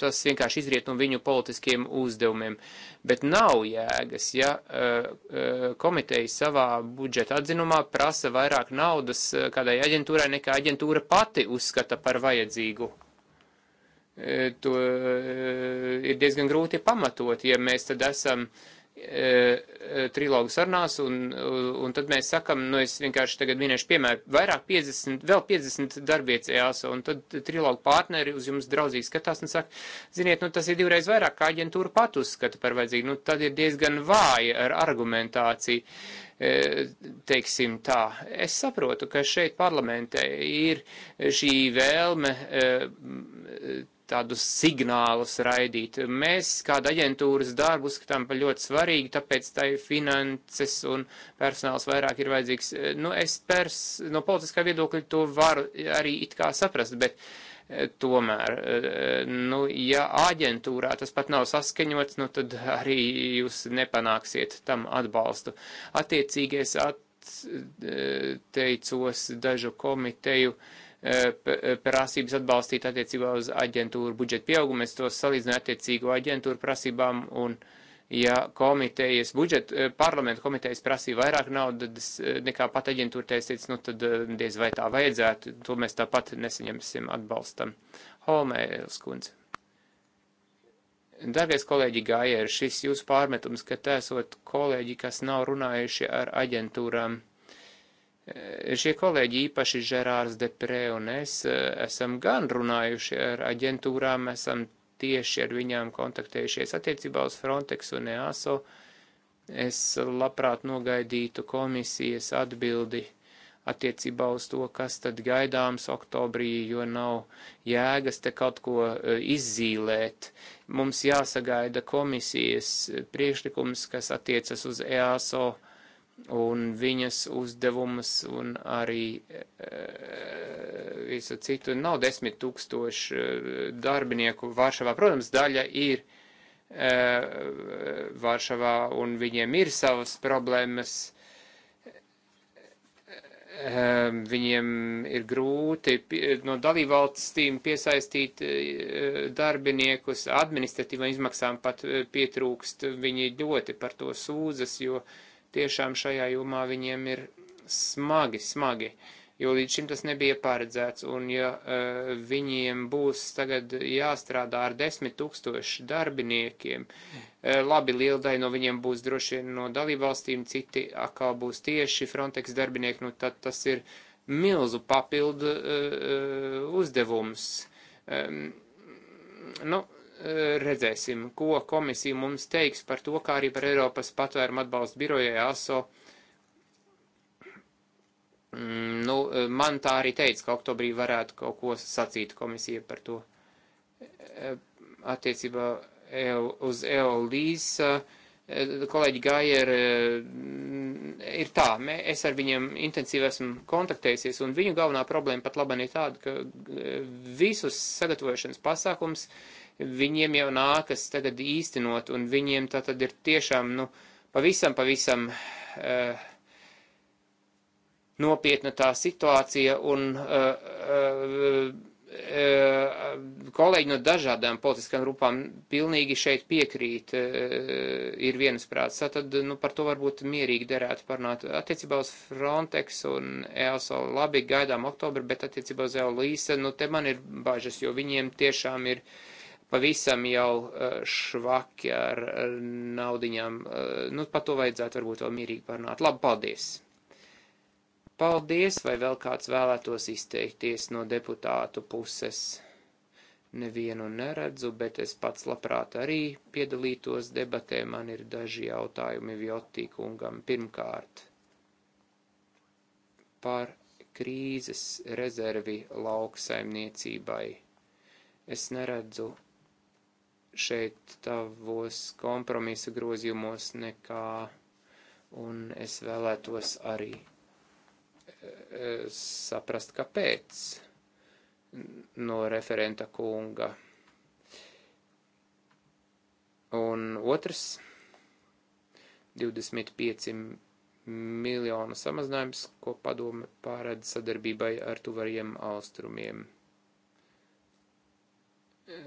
tas vienkārši izriet no viņu politiskiem uzdevumiem. Bet nav jēgas, ja e, komitejas savā budžeta atzinumā prasa vairāk naudas kādai aģentūrai, nekā aģentūra pati uzskata par vajadzīgu. To ir diezgan grūti pamatot, ja mēs tad esam uh, Eh, trilogu sarunās, un, un tad mēs sakam, nu es vienkārši tagad minēšu piemēru, vairāk 50, vēl 50 darbietas jāsa, un tad trilogu partneri uz jums draudzīgi skatās un saka, ziniet, nu tas ir divreiz vairāk, kā aģentūra pat uzskata par vajadzīgu, nu tad ir diezgan vāja ar argumentāciju, eh, teiksim tā. Es saprotu, ka šeit parlamentē ir šī vēlme eh, tādus signālus raidīt. Mēs kādu aģentūras darbu uzskatām par ļoti svarīgu, tāpēc tai finanses un personāls vairāk ir vajadzīgs. Nu, es pers, no politiskā viedokļa to varu arī it kā saprast, bet e, tomēr, e, nu, ja aģentūrā tas pat nav saskaņots, nu, tad arī jūs nepanāksiet tam atbalstu. Attiecīgais atteicos e, dažu komiteju uh, Eh, eh, prasības atbalstīt attiecībā uz aģentūru budžetu pieaugumu. Es tos salīdzinu attiecīgo aģentūru prasībām un, ja komitejas budžeta, eh, parlamenta komitejas prasīja vairāk naudas nekā pat aģentūra teicis, nu tad diez vai tā vajadzētu, to mēs tāpat nesaņemsim atbalstam. Holmēls kundze. Dargais kolēģi Gājēri, šis jūsu pārmetums, ka tēsot kolēģi, kas nav runājuši ar aģentūrām, uh, Eh, šie kolēģi, īpaši Žerārs Deprē un es, eh, esam gan runājuši ar aģentūrām, esam tieši ar viņām kontaktējušies attiecībā uz Frontex un EASO. Es labprāt nogaidītu komisijas atbildi attiecībā uz to, kas tad gaidāms oktobrī, jo nav jēgas te kaut ko eh, izzīlēt. Mums jāsagaida komisijas priekšlikums, kas attiecas uz EASO un viņas uzdevumus un arī e, visu citu. Nav desmit tūkstoši eh, darbinieku Varšavā. Protams, daļa ir e, Varšavā un viņiem ir savas problēmas. E, viņiem ir grūti no dalībvalstīm piesaistīt darbiniekus, administratīvām izmaksām pat pietrūkst. Viņi ļoti par to sūdzas, jo uh, tiešām šajā jomā viņiem ir smagi, smagi, jo līdz šim tas nebija paredzēts, un ja uh, viņiem būs tagad jāstrādā ar desmit tūkstoši darbiniekiem, uh, labi, liela daļa no viņiem būs droši vien no dalībvalstīm, citi atkal būs tieši Frontex darbinieki, nu tad tas ir milzu papildu uh, uzdevums. Um, nu, redzēsim, ko komisija mums teiks par to, kā arī par Eiropas patvērumu atbalstu birojai ASO. Mm, nu, man tā arī teica, ka oktobrī varētu kaut ko sacīt komisija par to e, attiecībā e uz EOLīs. E, kolēģi Gaier ir tā, mē, es ar viņiem intensīvi esmu kontaktējusies, un viņu galvenā problēma pat labāk ir tāda, ka visus sagatavošanas pasākums uh, viņiem jau nākas tagad īstenot, un viņiem tā tad ir tiešām, nu, pavisam, pavisam uh, nopietna tā situācija, un uh, uh, uh, kolēģi no dažādām politiskām grupām pilnīgi šeit piekrīt, ir viensprāts. Tad nu, par to varbūt mierīgi derētu parunāt. Attiecībā uz Frontex un EASO labi gaidām oktobru, bet attiecībā uz EOLISA, nu te man ir bažas, jo viņiem tiešām ir. Uh, pavisam jau eh, švaki ar eh, naudiņām. Eh, nu, par to vajadzētu varbūt vēl mierīgi parunāt. Labi, paldies! Paldies, vai vēl kāds vēlētos izteikties no deputātu puses? nevienu neredzu, bet es pats labprāt arī piedalītos debatē. Man ir daži jautājumi Vjotī kungam. Pirmkārt, par krīzes rezervi lauksaimniecībai. Es neredzu šeit tavos kompromisa grozījumos nekā, un es vēlētos arī e, e, saprast, kāpēc no referenta kunga. Un otrs, 25 miljonu samazinājums, ko padome pārēd sadarbībai ar tuvariem austrumiem. E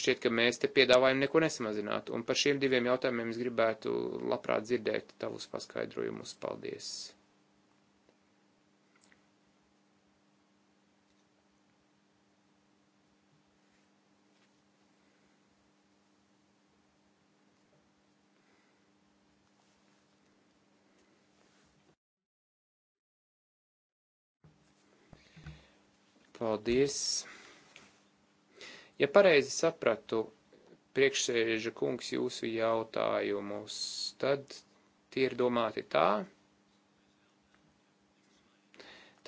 šķiet, ka mēs te piedāvājam neko nesamazināt. Un par šiem diviem jautājumiem es gribētu labprāt dzirdēt tavus paskaidrojumus. Paldies! Paldies! Ja pareizi sapratu priekšsēža kungs jūsu jautājumus, tad tie ir domāti tā.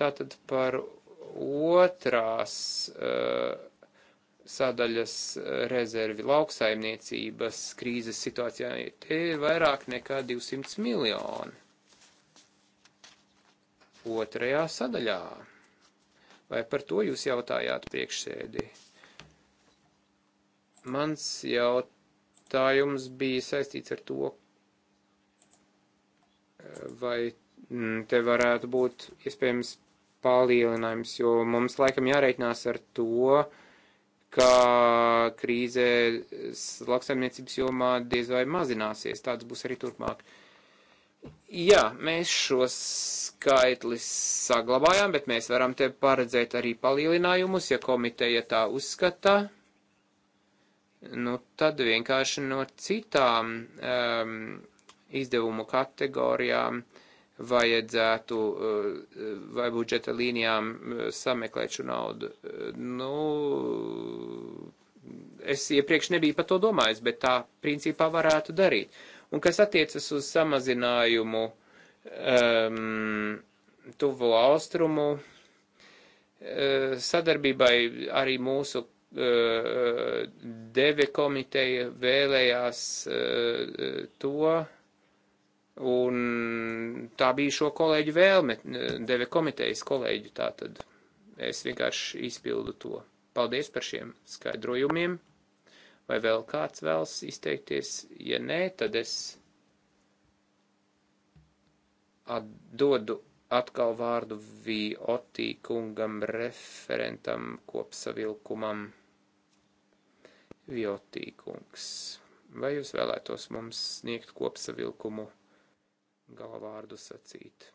Tātad par otrās uh, sadaļas eh, rezervi lauksaimniecības krīzes situācijā te ir vairāk nekā 200 miljoni. Otrajā sadaļā. Vai par to jūs jautājāt priekšsēdi? Mans jautājums bija saistīts ar to, vai mm, te varētu būt iespējams palielinājums, jo mums laikam jāreikinās ar to, ka krīze lauksaimniecības jomā diez vai mazināsies, tāds būs arī turpmāk. Jā, mēs šo skaitli saglabājām, bet mēs varam te paredzēt arī palielinājumus, ja komiteja tā uzskata nu tad vienkārši no citām um, izdevumu kategorijām vajadzētu uh, vai budžeta līnijām uh, sameklēt šo naudu. Uh, nu, es iepriekš nebiju par to domājis, bet tā principā varētu darīt. Un kas attiecas uz samazinājumu um, tuvo austrumu eh, sadarbībai arī mūsu Eh, eh, deve komiteja vēlējās eh, to, un tā bija šo kolēģu vēlme, deve komitejas kolēģu tātad. Es vienkārši izpildu to. Paldies par šiem skaidrojumiem. Vai vēl kāds vēlas izteikties? Ja nē, tad es dodu atkal vārdu Vioti kungam referentam kopsavilkumam. Viotīkungs, vai jūs vēlētos mums sniegt kopsavilkumu galvārdu sacīt?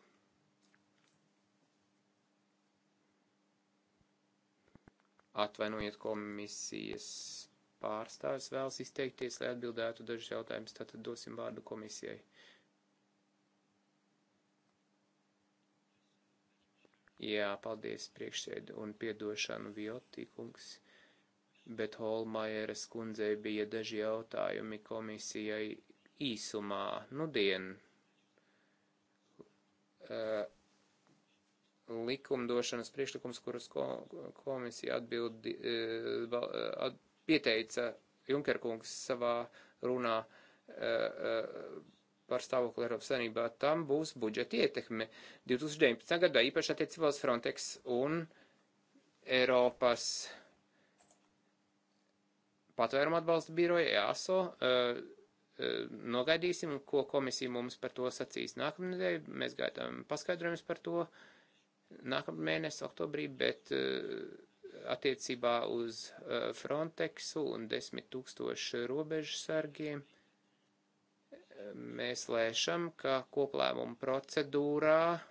Atvainojiet komisijas pārstāvis vēlas izteikties, lai atbildētu dažus jautājumus, tad dosim vārdu komisijai. Jā, paldies priekšsēdu un piedošanu, Vioti kungs bet Holmajeres kundzei bija daži jautājumi komisijai īsumā. Nudien uh, eh, likumdošanas priekšlikums, kuras komisija atbildi, uh, at, pieteica Junkerkungs savā runā uh, par stāvokli Eiropas Savienībā, tam būs budžeta ietekme 2019. gadā, īpaši attiecībā uz Frontex un Eiropas patvērumu atbalsta biroja e ASO. Eh, eh, nogaidīsim, ko komisija mums par to sacīs nākamnedēļ. Mēs gaidām paskaidrojumus par to nākamnedēļ, oktobrī, bet eh, attiecībā uz Frontexu un desmit tūkstošu robežu sargiem mēs lēšam, ka koplēmuma procedūrā uh,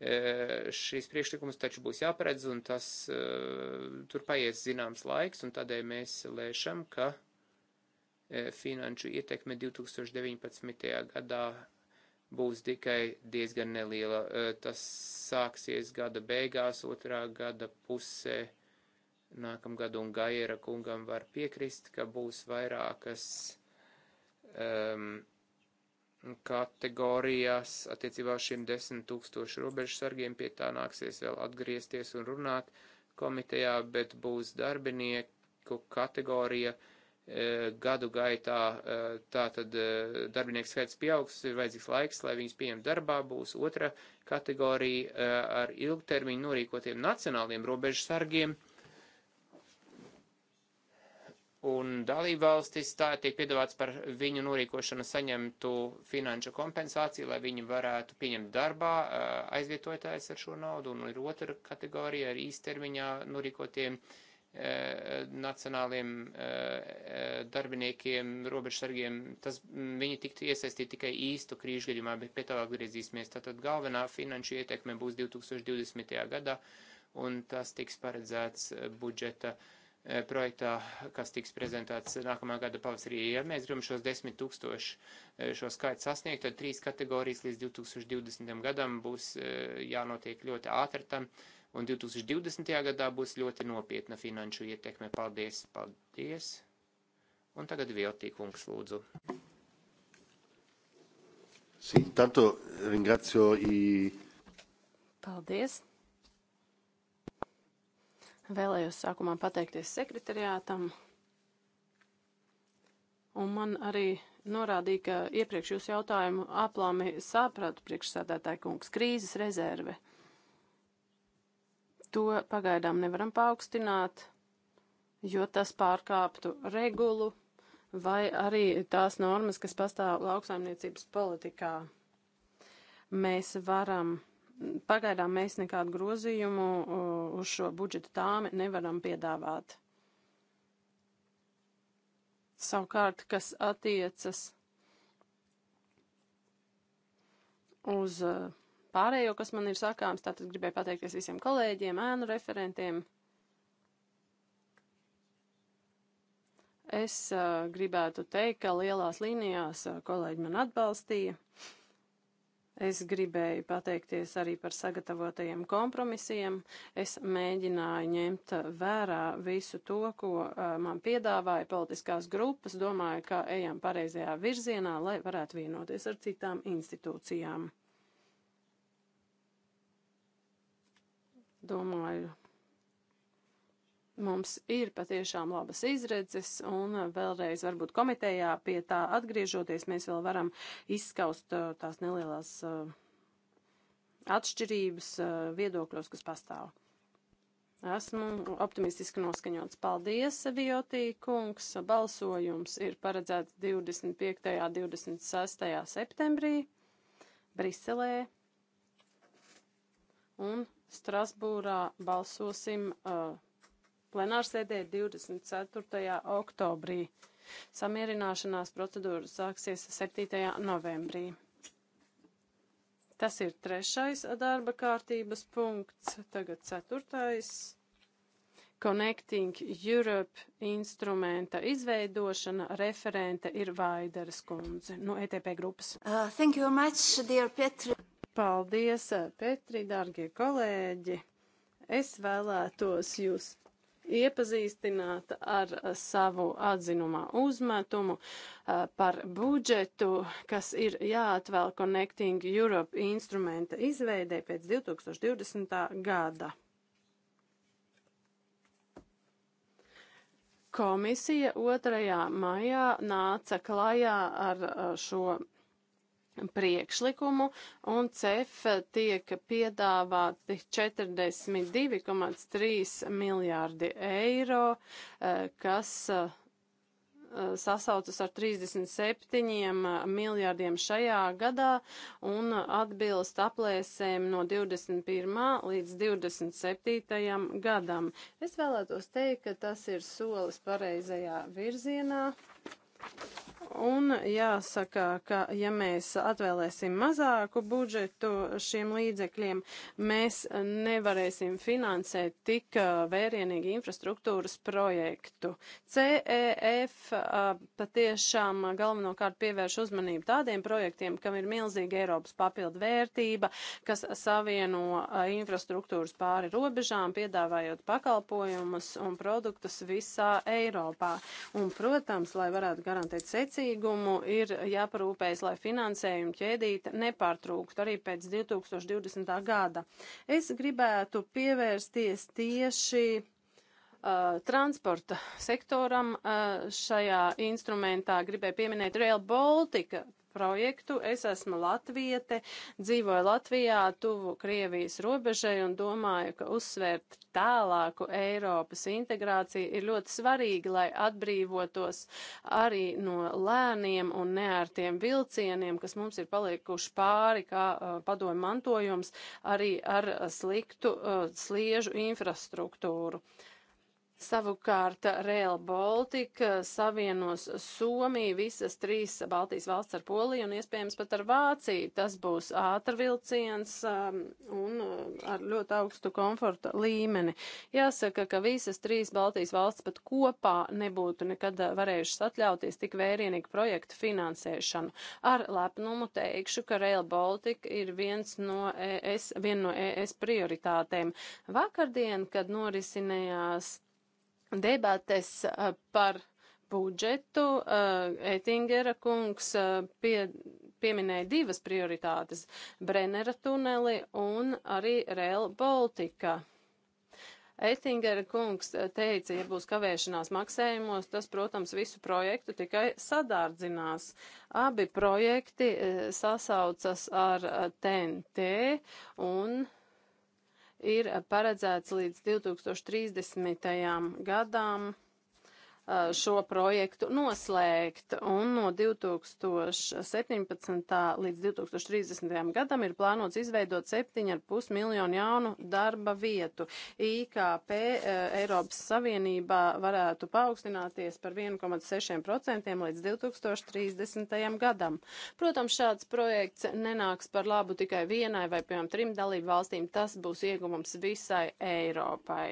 Э, šīs priekšlikumus taču būs jāparedz, un tas э, tur paies zināms laiks, un tādēļ mēs lēšam, ka э, finanšu ietekme 2019. gadā būs tikai diezgan neliela. Tas sāksies gada beigās, otrā gada pusē nākamgad, un Gaiera kungam var piekrist, ka būs vairākas um, kategorijās attiecībā uz šiem desmit tūkstošu robežsargiem. Pie tā nāksies vēl atgriezties un runāt komitejā, bet būs darbinieku kategorija e, gadu gaitā, e, tā tad e, darbinieku skaits pieaugs, ir vajadzīgs laiks, lai viņus pieņem darbā, būs otra kategorija ar ilgtermiņu norīkotiem nacionāliem robežsargiem. sargiem un dalībvalstis tā tiek piedāvāts par viņu norīkošanu saņemtu finanšu kompensāciju, lai viņi varētu pieņemt darbā aizvietotājs ar šo naudu, un ir otra kategorija ar īstermiņā norīkotiem nacionāliem darbiniekiem, robežsargiem, tas viņi tiktu iesaistīti tikai īstu krīžu gadījumā, bet pie tā vēl griezīsimies. Tātad galvenā finanšu ietekme būs 2020. gadā, un tas tiks paredzēts budžeta uh, Eh, projektā, kas tiks prezentēts nākamā gada pavasarī. Ja mēs gribam šos 10 tūkstošu eh, šo skaitu sasniegt, tad trīs kategorijas līdz 2020. gadam būs eh, jānotiek ļoti ātri tam, un 2020. gadā būs ļoti nopietna finanšu ietekme. Paldies, paldies! Un tagad vēl tīkungs lūdzu. Sì, intanto ringrazio i... Paldies! Vēlējos sākumā pateikties sekretariātam, un man arī norādīja, ka iepriekš jūs jautājumu aplāmi sapratu priekšsādātāja kungs krīzes rezerve. To pagaidām nevaram paaugstināt, jo tas pārkāptu regulu vai arī tās normas, kas pastāv lauksaimniecības politikā. Mēs varam Pagaidām mēs nekādu grozījumu uz šo budžeta tāmi nevaram piedāvāt. Savukārt, kas attiecas uz e, pārējo, kas man ir sakāms, tātad gribēju pateikties visiem kolēģiem, ēnu referentiem. Es uh, gribētu teikt, ka lielās līnijās uh, kolēģi man atbalstīja. Es gribēju pateikties arī par sagatavotajiem kompromisiem. Es mēģināju ņemt vērā visu to, ko uh, man piedāvāja politiskās grupas. Domāju, ka ejam pareizajā virzienā, lai varētu vienoties ar citām institūcijām. Domāju, Mums ir patiešām labas izredzes, un uh, vēlreiz varbūt komitejā pie tā atgriežoties, mēs vēl varam izskaust uh, tās nelielās uh, atšķirības viedokļos, kas pastāv. Esmu optimistiski noskaņots. Paldies, Viotī kungs. Balsojums ir paredzēts 25. un 26. septembrī Briselē. Un Strasbūrā balsosim. Uh, plenārsēdē 24. oktobrī. Samierināšanās procedūra sāksies 7. novembrī. Tas ir trešais darba kārtības punkts, tagad ceturtais. Connecting Europe instrumenta izveidošana referente ir Vaideras kundze no ETP grupas. Uh, thank you very much, dear Petri. Paldies, Petri, dārgie kolēģi. Es vēlētos jūs iepazīstināta ar eh, savu atzinumā uzmetumu eh, par budžetu, kas ir jāatvēl Connecting Europe instrumenta izveidē pēc 2020. gada. Komisija 2. maijā nāca klajā ar eh, šo priekšlikumu, un CEF tiek piedāvāti 42,3 miljārdi eiro, eh, kas eh, sasaucas ar 37 eh, miljārdiem šajā gadā un atbilst aplēsēm no 21. līdz 27. gadam. Es vēlētos teikt, ka tas ir solis pareizajā virzienā. Un jāsaka, ka ja mēs atvēlēsim mazāku budžetu šiem līdzekļiem, mēs nevarēsim finansēt tik vērienīgi infrastruktūras projektu. CEF patiešām galvenokārt pievērš uzmanību tādiem projektiem, kam ir milzīga Eiropas papildu vērtība, kas savieno infrastruktūras pāri robežām, piedāvājot pakalpojumus un produktus visā Eiropā. Un, protams, lai varētu garantēt secību, Pēcīgumu ir jāparūpējas, lai finansējuma ķēdīte nepārtrūkst arī pēc 2020. gada. Es gribētu pievērsties tieši transporta sektoram šajā instrumentā gribēju pieminēt Rail Baltica projektu. Es esmu Latviete, dzīvoju Latvijā, tuvu Krievijas robežai un domāju, ka uzsvērt tālāku Eiropas integrāciju ir ļoti svarīgi, lai atbrīvotos arī no lēniem un neērtiem vilcieniem, kas mums ir palikuši pāri, kā uh, padomu mantojums, arī ar sliktu uh, sliežu infrastruktūru. Uh, Savukārt Real Baltica eh, savienos Somiju, visas trīs Baltijas valsts ar Poliju un iespējams pat ar Vāciju. Tas būs ātrvilciens um, un eh, ar ļoti augstu komforta līmeni. Jāsaka, ka visas trīs Baltijas valsts pat kopā nebūtu nekad eh, varējušas atļauties tik vērienīgu projektu finansēšanu. Ar lepnumu teikšu, ka Real Baltica ir viens no ES, viena no ES prioritātēm. Vakardien, kad norisinājās Debates uh, par budžetu Ētingera uh, kungs uh, pie, pieminēja divas prioritātes - Brennera tuneli un arī Rail Baltica. Eitingera kungs teica, ja būs kavēšanās maksējumos, tas, protams, visu projektu tikai sadārdzinās. Abi projekti sasaucas ar TNT un ir paredzēts līdz 2030. gadam šo projektu noslēgt. Un no 2017. līdz 2030. gadam ir plānots izveidot 7,5 miljonu jaunu darba vietu. IKP Eiropas Savienībā varētu paaugstināties par 1,6% līdz 2030. gadam. Protams, šāds projekts nenāks par labu tikai vienai vai, piemēram, trim dalību valstīm. Tas būs ieguvums visai Eiropai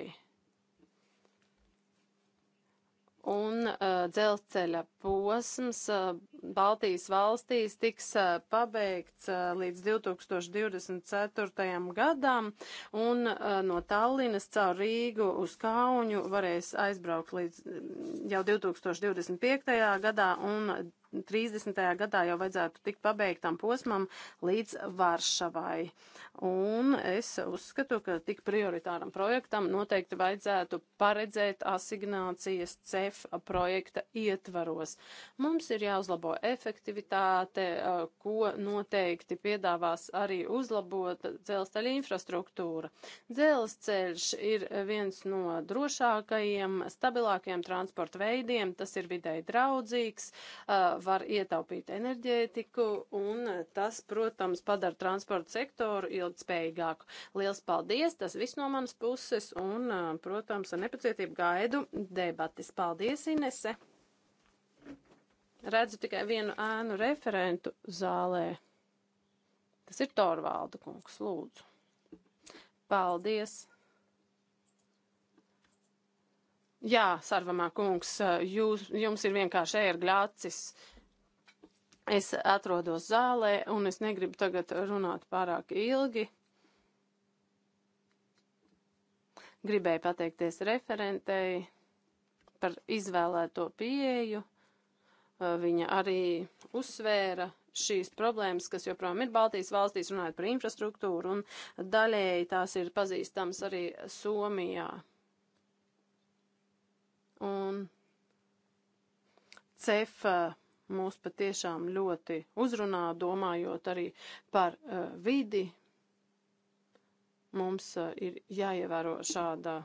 un uh, dzelzceļa posms uh, Baltijas valstīs tiks uh, pabeigts uh, līdz 2024. gadam, un uh, no Tallinas caur Rīgu uz Kauņu varēs aizbraukt līdz jau 2025. gadā, un 30. gadā jau vajadzētu tikt pabeigtam posmam līdz Varšavai. Un es uzskatu, ka tik prioritāram projektam noteikti vajadzētu paredzēt asignācijas CEF projekta ietvaros. Mums ir jāuzlabo efektivitāte, ko noteikti piedāvās arī uzlabot dzelzceļa infrastruktūra. Dzelzceļš ir viens no drošākajiem, stabilākajiem transporta veidiem, tas ir videi draudzīgs. Uh, var ietaupīt enerģētiku, un tas, protams, padara transporta sektoru ilgspējīgāku. Liels paldies! Tas viss no manas puses, un, protams, ar nepacietību gaidu debatis. Paldies, Inese! Redzu tikai vienu ēnu referentu zālē. Tas ir Torvalda kungs, lūdzu. Paldies! Jā, Sarvamā kungs, jūs, jums ir vienkārši ērgļācis. Es atrodos zālē un es negribu tagad runāt pārāk ilgi. Gribēju pateikties referentei par izvēlēto pieeju. Viņa arī uzsvēra šīs problēmas, kas joprojām ir Baltijas valstīs, runājot par infrastruktūru, un daļēji tās ir pazīstams arī Somijā. Un cefa mūs patiešām ļoti uzrunā, domājot arī par uh, vidi. Mums uh, ir jāievēro šāda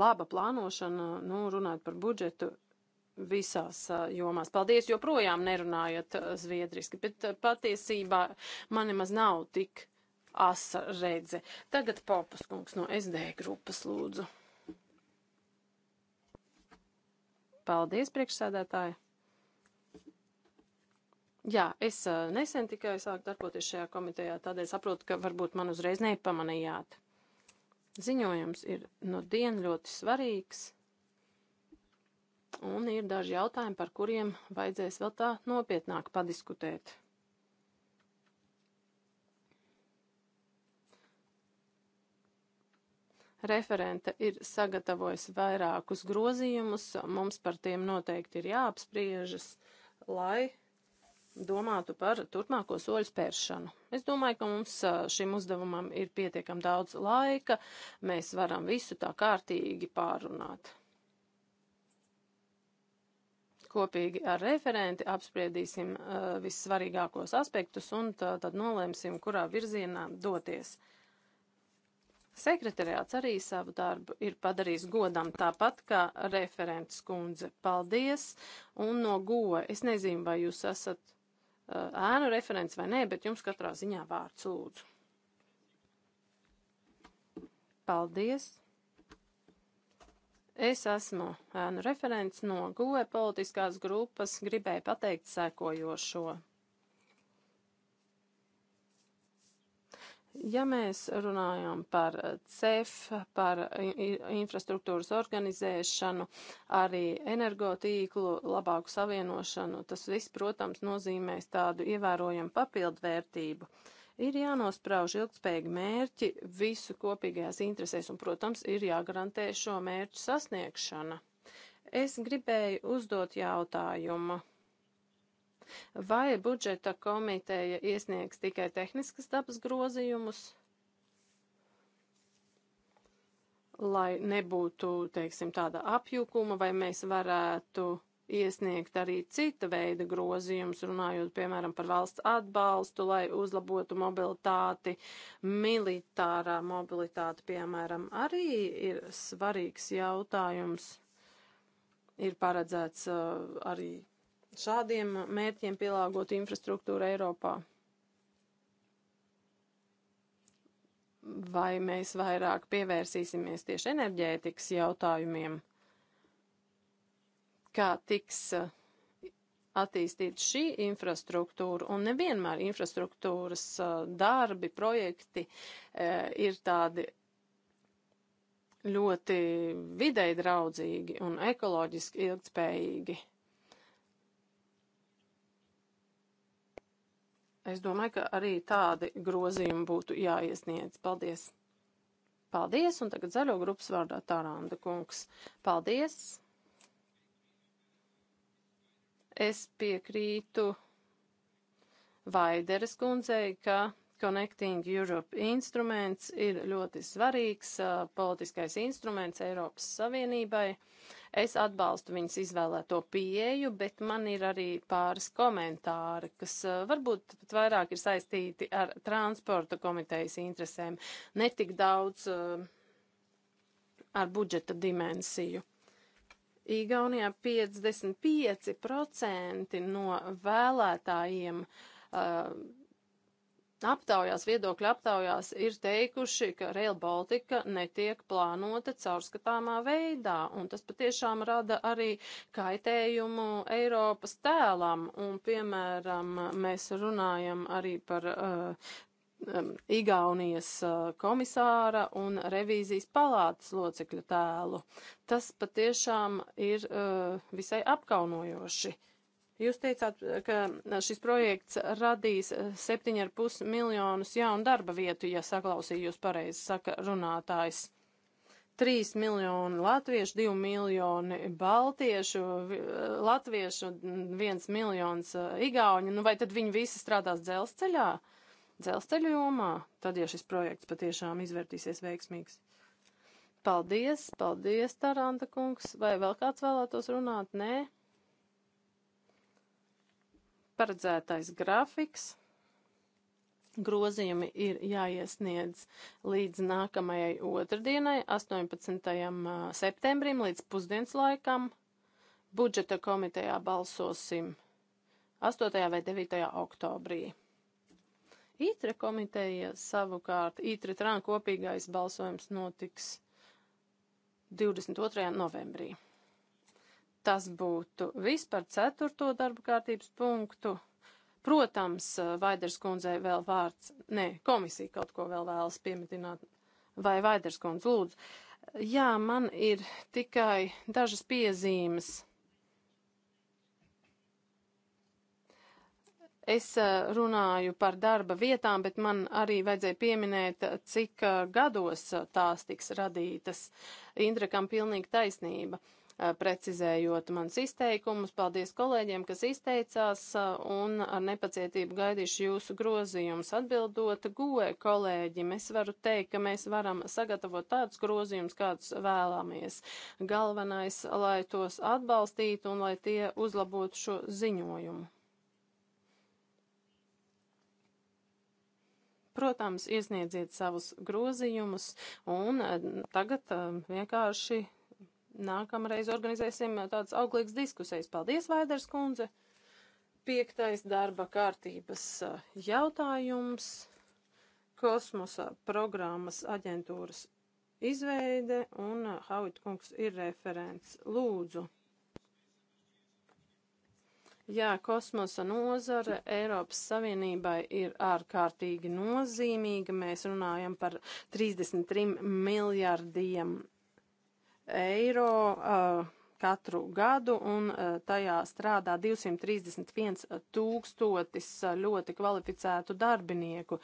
laba plānošana, nu, runāt par budžetu, visās eh, jomās. Paldies, joprojām nerunājat zviedriski, bet patiesībā man nemaz nav tik asa redze. Tagad Popas kungs no SD grupas lūdzu. Paldies, priekšsēdētāji! Jā, es nesen tikai sāku darboties šajā komitejā, tādēļ saprotu, ka varbūt man uzreiz nepamanījāt. Ziņojums ir no diena ļoti svarīgs, un ir daži jautājumi, par kuriem vajadzēs vēl tā nopietnāk padiskutēt. Referente ir sagatavojusi vairākus grozījumus, mums par tiem noteikti ir jāapspriežas, lai domātu par turpmāko soļu spēršanu. Es domāju, ka mums šim uzdevumam ir pietiekam daudz laika, mēs varam visu tā kārtīgi pārunāt. Kopīgi ar referenti apspriedīsim uh, vissvarīgākos aspektus un tā, tad nolēmsim, kurā virzienā doties. Uh, Sekretariāts arī savu darbu ir padarījis godam tāpat kā referents kundze. Paldies! Un no goa, es nezinu, vai jūs esat uh, ēnu referents vai nē, bet jums katrā ziņā vārds lūdzu. Paldies! Es esmu ēnu referents no GUE politiskās grupas, gribēju pateikt sēkojošo. Ja mēs runājam par eh, CEF, par infrastruktūras organizēšanu, arī energotīklu, labāku savienošanu, tas viss, protams, nozīmēs tādu ievērojamu papildvērtību. Ir jānosprauž ilgspējīgi mērķi visu kopīgajās interesēs un, protams, ir jāgarantē šo mērķu sasniegšana. Es gribēju uzdot jautājumu Vai budžeta komiteja iesniegs tikai tehniskas dabas grozījumus? lai nebūtu, teiksim, tāda apjukuma, vai mēs varētu iesniegt arī cita veida grozījums, runājot, piemēram, par valsts atbalstu, lai uzlabotu mobilitāti, militārā mobilitāte, piemēram, arī ir svarīgs jautājums. Ir paredzēts uh, arī šādiem mērķiem pielāgot infrastruktūru Eiropā? Vai mēs vairāk pievērsīsimies tieši enerģētikas jautājumiem? Kā tiks eh, attīstīt šī infrastruktūra, un nevienmēr infrastruktūras eh, darbi, projekti eh, ir tādi ļoti videi draudzīgi un ekoloģiski ilgtspējīgi. Es domāju, ka arī tādi grozījumi būtu jāiesniedz. Paldies! Paldies, un tagad zaļo grupas vārdā Tāranda kungs. Paldies! Es piekrītu Vaideres kundzei, ka Connecting Europe instruments ir ļoti svarīgs uh, politiskais instruments Eiropas Savienībai. Es atbalstu viņas izvēlēto pieeju, bet man ir arī pāris komentāri, kas uh, varbūt pat vairāk ir saistīti ar transporta komitejas interesēm, netik daudz uh, ar budžeta dimensiju. Igaunijā 55% no vēlētājiem uh, aptaujās, viedokļu aptaujās ir teikuši, ka Rail Baltica netiek plānota caurskatāmā veidā, un tas patiešām rada arī kaitējumu Eiropas tēlam, un, piemēram, mēs runājam arī par uh, um, Igaunijas uh, komisāra un revīzijas palātas locekļu tēlu. Tas patiešām ir uh, visai apkaunojoši. Uh, Jūs teicāt, ka šis projekts radīs 7,5 eh, miljonus jaunu darba vietu, ja saklausīju jūs pareizi, saka runātājs. 3 miljoni latviešu, 2 miljoni baltiešu, eh, latviešu, 1 miljons eh, igauņu. Nu, vai tad viņi visi strādās dzelzceļā, dzelzceļu jomā? Tad, ja šis projekts patiešām izvērtīsies veiksmīgs. Paldies, paldies, Taranta kungs. Vai vēl kāds vēlētos runāt? Nē paredzētais grafiks. Grozījumi ir jāiesniedz līdz nākamajai otrdienai, 18. septembrim, līdz pusdienas laikam. Budžeta komitejā balsosim 8. vai 9. oktobrī. Ītra komiteja savukārt, Ītra Trāna kopīgais balsojums notiks 22. novembrī. Tas būtu viss par ceturto darba kārtības punktu. Protams, Vaiders kundzei vēl vārds, nē, komisija kaut ko vēl vēlas piemitināt. Vai Vaiders kundze, lūdzu. Jā, man ir tikai dažas piezīmes. Es runāju par darba vietām, bet man arī vajadzēja pieminēt, cik gados tās tiks radītas. Indrekam pilnīgi taisnība. Uh, Eh, precizējot mans izteikumus. Paldies kolēģiem, kas izteicās, eh, un ar nepacietību gaidīšu jūsu grozījumus. Atbildot goe kolēģim, es varu teikt, ka mēs varam sagatavot tādus grozījumus, kādus vēlamies. Galvenais, lai tos atbalstītu un lai tie uzlabotu šo ziņojumu. Protams, iesniedziet savus grozījumus un eh, tagad vienkārši Nākamreiz organizēsim tādas auglīgas diskusijas. Paldies, Vaiders kundze! Piektais darba kārtības eh, jautājums - kosmosa programmas aģentūras izveide un eh, Hauit kungs ir referents. Lūdzu! Jā, kosmosa nozara Eiropas Savienībai ir ārkārtīgi nozīmīga. Mēs runājam par 33 miljardiem eiro. Uh, katru gadu, un uh, tajā strādā 231 tūkstotis uh, ļoti kvalificētu darbinieku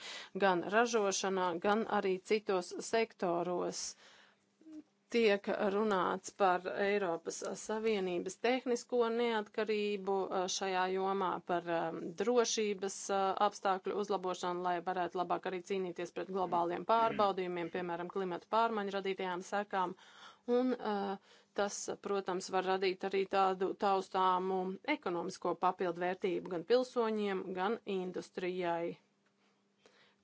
gan ražošanā, gan arī citos sektoros. Tiek runāts par Eiropas Savienības tehnisko neatkarību uh, šajā jomā, par um, drošības apstākļu uzlabošanu, lai varētu labāk arī cīnīties pret globāliem pārbaudījumiem, piemēram, klimata pārmaiņu radītajām sekām. Uh, un uh, tas, protams, var radīt arī tādu taustāmu ekonomisko papildvērtību gan pilsoņiem, gan industrijai.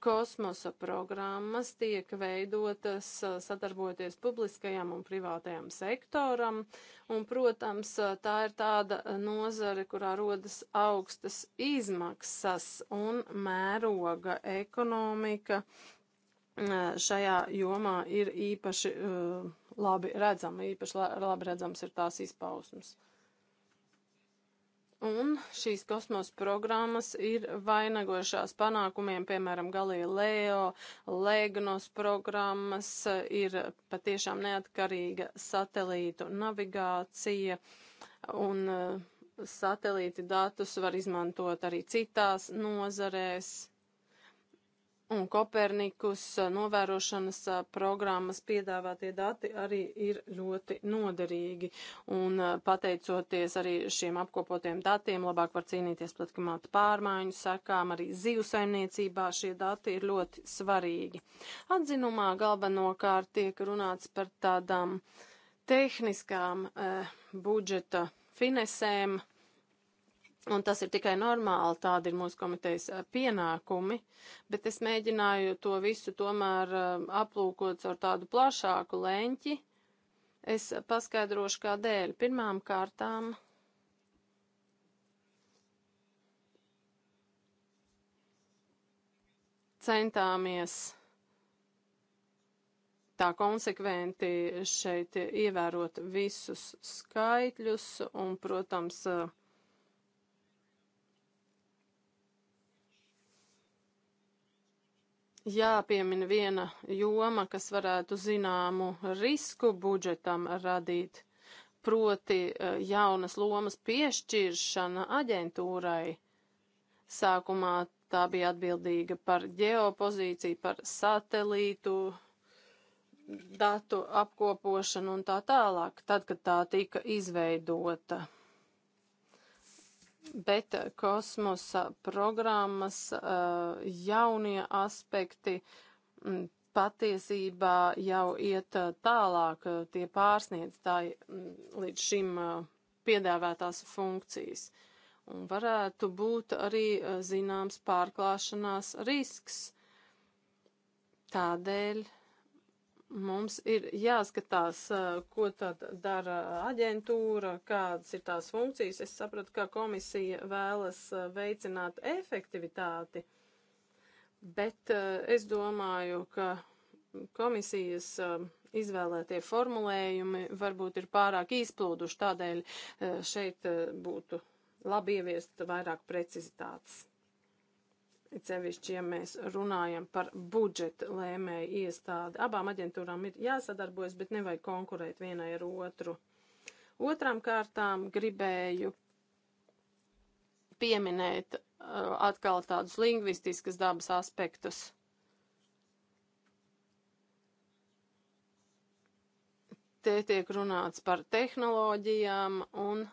Kosmosa programmas tiek veidotas sadarbojoties publiskajam un privātajam sektoram, un, protams, tā ir tāda nozare, kurā rodas augstas izmaksas un mēroga ekonomika, šajā jomā ir īpaši uh, labi redzama, īpaši labi redzams ir tās izpausmes. Un šīs kosmos programmas ir vainagojušās panākumiem, piemēram, Galileo, Legnos programmas, ir patiešām neatkarīga satelītu navigācija un uh, satelīti datus var izmantot arī citās nozarēs Un Kopernikus novērošanas programmas piedāvātie dati arī ir ļoti noderīgi. Un pateicoties arī šiem apkopotiem datiem, labāk var cīnīties pret klimata pārmaiņu sekām. Arī zivsaimniecībā šie dati ir ļoti svarīgi. Atzinumā galvenokārt tiek runāts par tādām tehniskām eh, budžeta finesēm, Un tas ir tikai normāli, tādi ir mūsu komitejas pienākumi, bet es mēģināju to visu tomēr aplūkot ar tādu plašāku leņķi. Es paskaidrošu, kādēļ. Pirmām kārtām centāmies tā konsekventi šeit ievērot visus skaitļus un, protams, uh, jāpiemina viena joma, kas varētu zināmu risku budžetam radīt, proti e, jaunas lomas piešķiršana aģentūrai. Sākumā tā bija atbildīga par ģeopozīciju, par satelītu datu apkopošanu un tā tālāk, tad, kad tā tika izveidota bet eh, kosmosa programmas eh, jaunie aspekti mm, patiesībā jau iet eh, tālāk, tie pārsniedz tā mm, līdz šim piedāvātās funkcijas. Un varētu būt arī zināms pārklāšanās risks. Tādēļ Mums ir jāskatās, eh, ko tad dara aģentūra, kādas ir tās funkcijas. Es sapratu, ka komisija vēlas eh, veicināt efektivitāti, bet eh, es domāju, ka komisijas izvēlētie formulējumi varbūt ir pārāk izplūduši, tādēļ šeit būtu labi ieviest vairāk precizitātes. It sevišķi, ja mēs runājam par budžeta lēmēju iestādi. Abām aģentūrām ir jāsadarbojas, bet nevajag konkurēt vienai ar otru. Otram kārtām gribēju pieminēt uh, atkal tādus lingvistiskas dabas aspektus. Te tiek runāts par tehnoloģijām un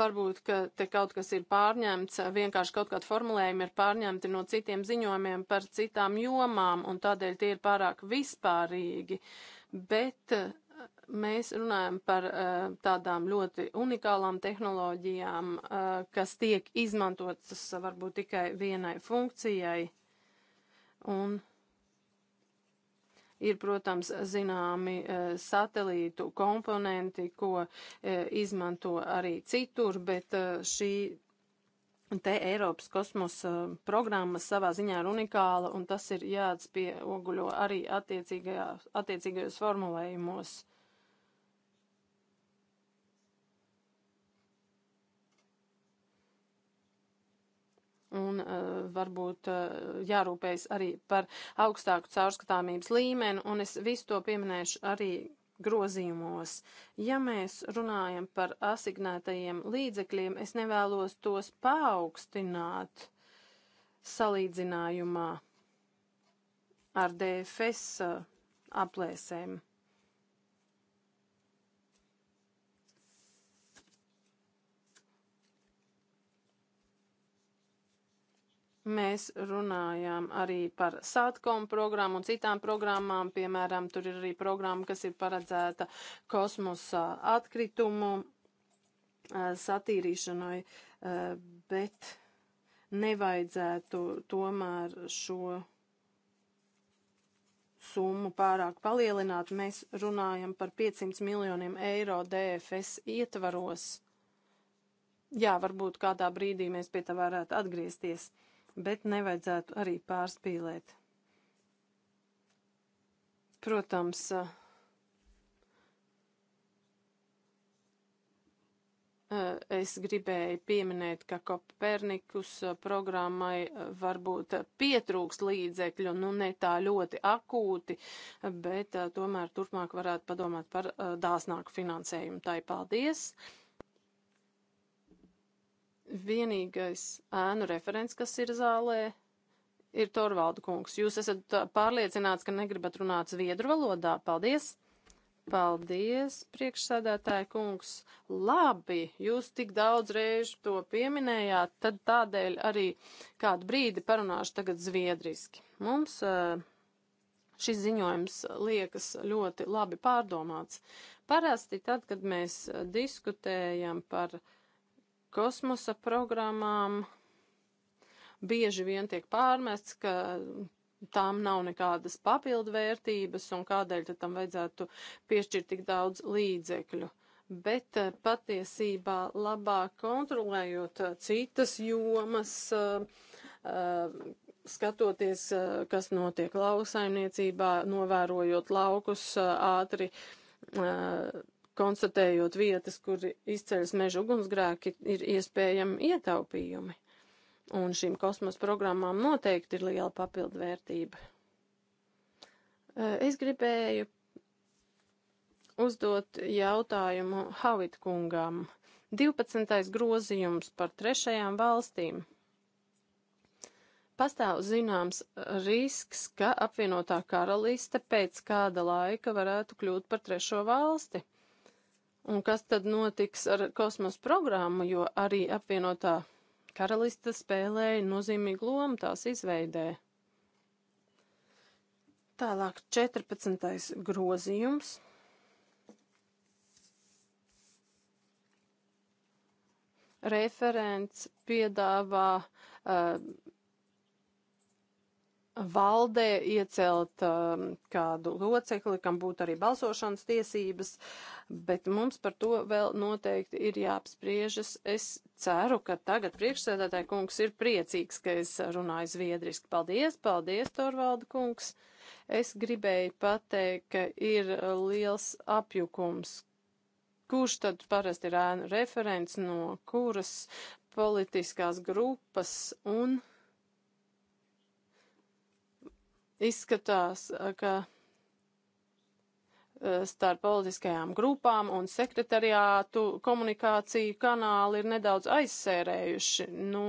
Varbūt, ka te kaut kas ir pārņemts, vienkārši kaut kāda formulējuma ir pārņemti no citiem ziņojumiem par citām jomām, un tādēļ tie ir pārāk vispārīgi. Bet eh, mēs runājam par eh, tādām ļoti unikālām tehnoloģijām, eh, kas tiek izmantotas varbūt tikai vienai funkcijai. Un Ir, protams, zināmi e, satelītu komponenti, ko e, izmanto arī citur, bet e, šī Te Eiropas kosmosa programma savā ziņā ir unikāla, un tas ir jāatspieguļo arī attiecīgajos formulējumos. un uh, varbūt uh, jārūpējas arī par augstāku caurskatāmības līmeni, un es visu to pieminēšu arī grozījumos. Ja mēs runājam par asignētajiem līdzekļiem, es nevēlos tos paaugstināt salīdzinājumā ar DFS eh, aplēsēm. Mēs runājām arī par SATCOM programmu un citām programmām, piemēram, tur ir arī programma, kas ir paredzēta kosmosa atkritumu satīrīšanai, bet nevajadzētu tomēr šo summu pārāk palielināt. Mēs runājam par 500 miljoniem eiro DFS ietvaros. Jā, varbūt kādā brīdī mēs pie tā varētu atgriezties bet nevajadzētu arī pārspīlēt. Protams, es gribēju pieminēt, ka Kopernikus programmai varbūt pietrūks līdzekļu, nu ne tā ļoti akūti, bet tomēr turpmāk varētu padomāt par dāsnāku finansējumu. Tai paldies! Vienīgais ēnu referents, kas ir zālē, ir Torvalda kungs. Jūs esat uh, pārliecināts, ka negribat runāt zviedru valodā. Paldies! Paldies, priekšsēdētāja kungs. Labi, jūs tik daudz reižu to pieminējāt, tad tādēļ arī kādu brīdi parunāšu tagad zviedriski. Mums uh, šis ziņojums liekas ļoti labi pārdomāts. Parasti tad, kad mēs uh, diskutējam par uh, kosmosa programmām bieži vien tiek pārmests, ka tām nav nekādas papildvērtības un kādēļ tad tam vajadzētu piešķirt tik daudz līdzekļu. Bet eh, patiesībā labāk kontrolējot eh, citas jomas, eh, skatoties, kas notiek lauksaimniecībā, novērojot laukus ātri konstatējot vietas, kur izceļas meža ugunsgrēki, ir iespējami ietaupījumi. Un šīm kosmosa programmām noteikti ir liela papildvērtība. Eh, es gribēju uzdot jautājumu Havit kungam. 12. grozījums par trešajām valstīm. Pastāv zināms risks, ka apvienotā karaliste pēc kāda laika varētu kļūt par trešo valsti. Un kas tad notiks ar kosmosa programmu, jo arī apvienotā karaliste spēlēja nozīmīgu lomu tās izveidē. Tālāk 14. grozījums. Referents piedāvā uh, valdē iecelt um, kādu locekli, kam būtu arī balsošanas tiesības, bet mums par to vēl noteikti ir jāapspriežas. Es ceru, ka tagad priekšsēdētāji kungs ir priecīgs, ka es runāju zviedriski. Paldies, paldies, Torvalda kungs. Es gribēju pateikt, ka ir liels apjukums. Kurš tad parasti ir ēnu referents no kuras politiskās grupas un. Izskatās, ka starp politiskajām grupām un sekretariātu komunikāciju kanāli ir nedaudz aizsērējuši. Nu,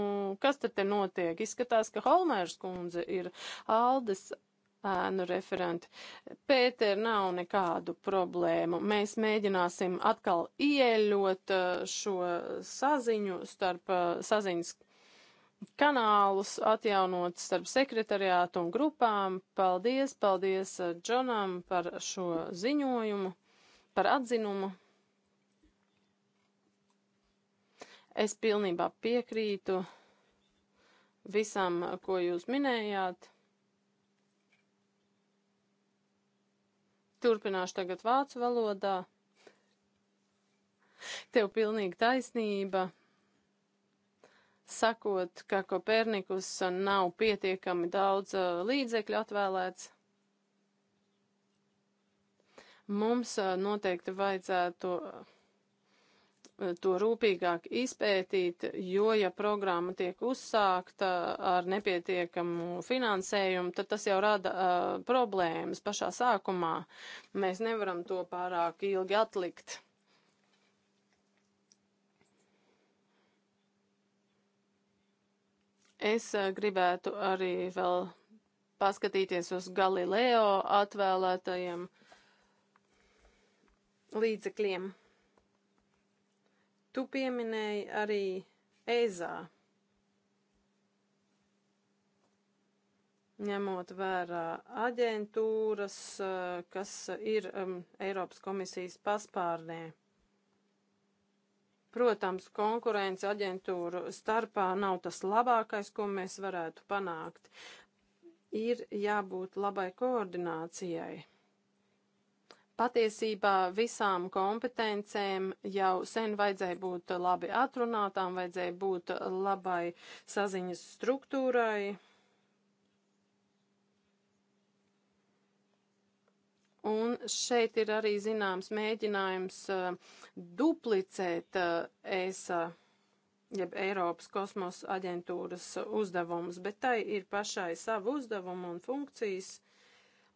kas tad te notiek? Izskatās, ka Holmērs kundze ir Aldes ēnu referenti. Pēter nav nekādu problēmu. Mēs mēģināsim atkal ieļot šo saziņu starp saziņas kanālus atjaunot starp sekretariātu un grupām. Paldies, paldies eh, Džonam par šo ziņojumu, par atzinumu. Es pilnībā piekrītu visam, ko jūs minējāt. Turpināšu tagad vācu valodā. Tev pilnīgi taisnība sakot, ka Kopernikus nav pietiekami daudz uh, līdzekļu atvēlēts. Mums uh, noteikti vajadzētu uh, to rūpīgāk izpētīt, jo, ja programma tiek uzsākta ar nepietiekamu finansējumu, tad tas jau rada uh, problēmas pašā sākumā. Mēs nevaram to pārāk ilgi atlikt. Es gribētu arī vēl paskatīties uz Galileo atvēlētajiem līdzekļiem. Tu pieminēji arī ezā. Ņemot vērā aģentūras, kas ir um, Eiropas komisijas paspārnē. Protams, konkurence aģentūru starpā nav tas labākais, ko mēs varētu panākt. Ir jābūt labai koordinācijai. Patiesībā visām kompetencēm jau sen vajadzēja būt labi atrunātām, vajadzēja būt labai saziņas struktūrai Un šeit ir arī zināms mēģinājums eh, duplicēt eh, ESA jeb Eiropas kosmosa aģentūras uzdevumus, bet tai ir pašai savu uzdevumu un funkcijas,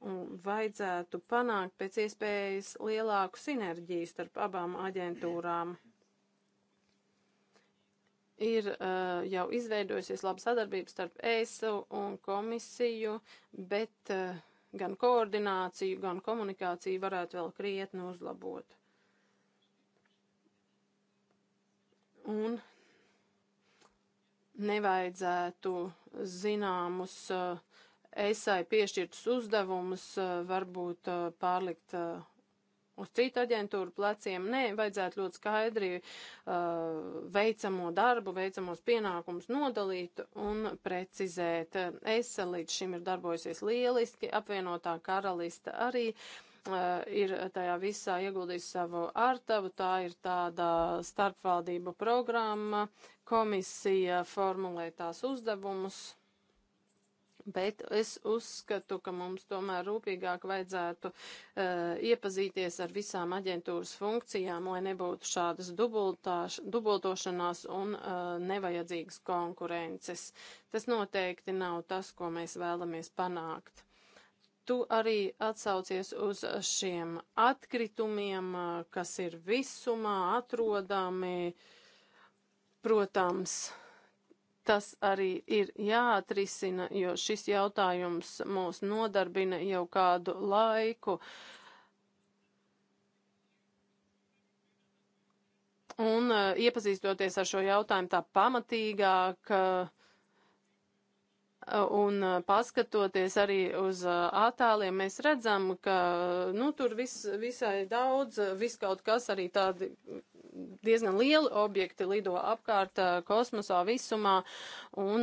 un vajadzētu panākt pēc iespējas lielāku sinerģiju starp abām aģentūrām. Ir uh, jau izveidojusies laba sadarbība starp ESU un komisiju, bet uh, gan koordināciju, gan komunikāciju varētu vēl krietni uzlabot. Un nevajadzētu zināmus eh, esai piešķirtus uzdevumus eh, varbūt eh, pārlikt uz citu aģentūru pleciem. Nē, vajadzētu ļoti skaidri uh, veicamo darbu, veicamos pienākumus nodalīt un precizēt. Es līdz šim ir darbojusies lieliski, apvienotā karalista arī. Uh, ir tajā visā ieguldījis savu ārtavu, tā ir tāda starpvaldību programma, komisija formulē tās uzdevumus, Bet es uzskatu, ka mums tomēr rūpīgāk vajadzētu uh, iepazīties ar visām aģentūras funkcijām, lai nebūtu šādas dubultošanās un uh, nevajadzīgas konkurences. Tas noteikti nav tas, ko mēs vēlamies panākt. Tu arī atsaucies uz šiem atkritumiem, eh, kas ir visumā atrodami, protams Tas arī ir jāatrisina, jo šis jautājums mūs nodarbina jau kādu laiku. Un e, iepazīstoties ar šo jautājumu tā pamatīgāk, e, Un e, paskatoties arī uz attēliem, mēs redzam, ka nu, tur vis, visai daudz, viskaut kas arī tādi diezgan lieli objekti lido apkārt kosmosā visumā, un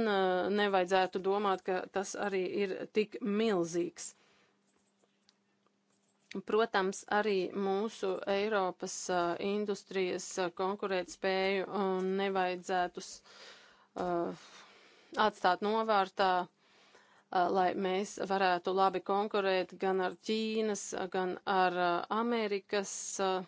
nevajadzētu domāt, ka tas arī ir tik milzīgs. Protams, arī mūsu Eiropas industrijas konkurētspēju nevajadzētu atstāt novārtā lai mēs varētu labi konkurēt gan ar Ķīnas, gan ar Amerikas uh,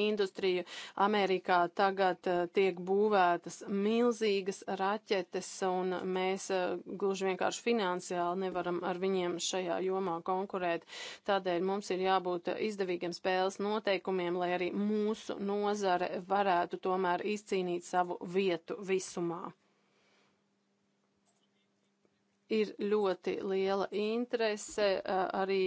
industriju. Amerikā tagad eh, tiek būvētas milzīgas raķetes, un mēs eh, gluži vienkārši finansiāli nevaram ar viņiem šajā jomā konkurēt. Tādēļ mums ir jābūt izdevīgiem spēles noteikumiem, lai arī mūsu nozare varētu tomēr izcīnīt savu vietu visumā ir ļoti liela interese eh, arī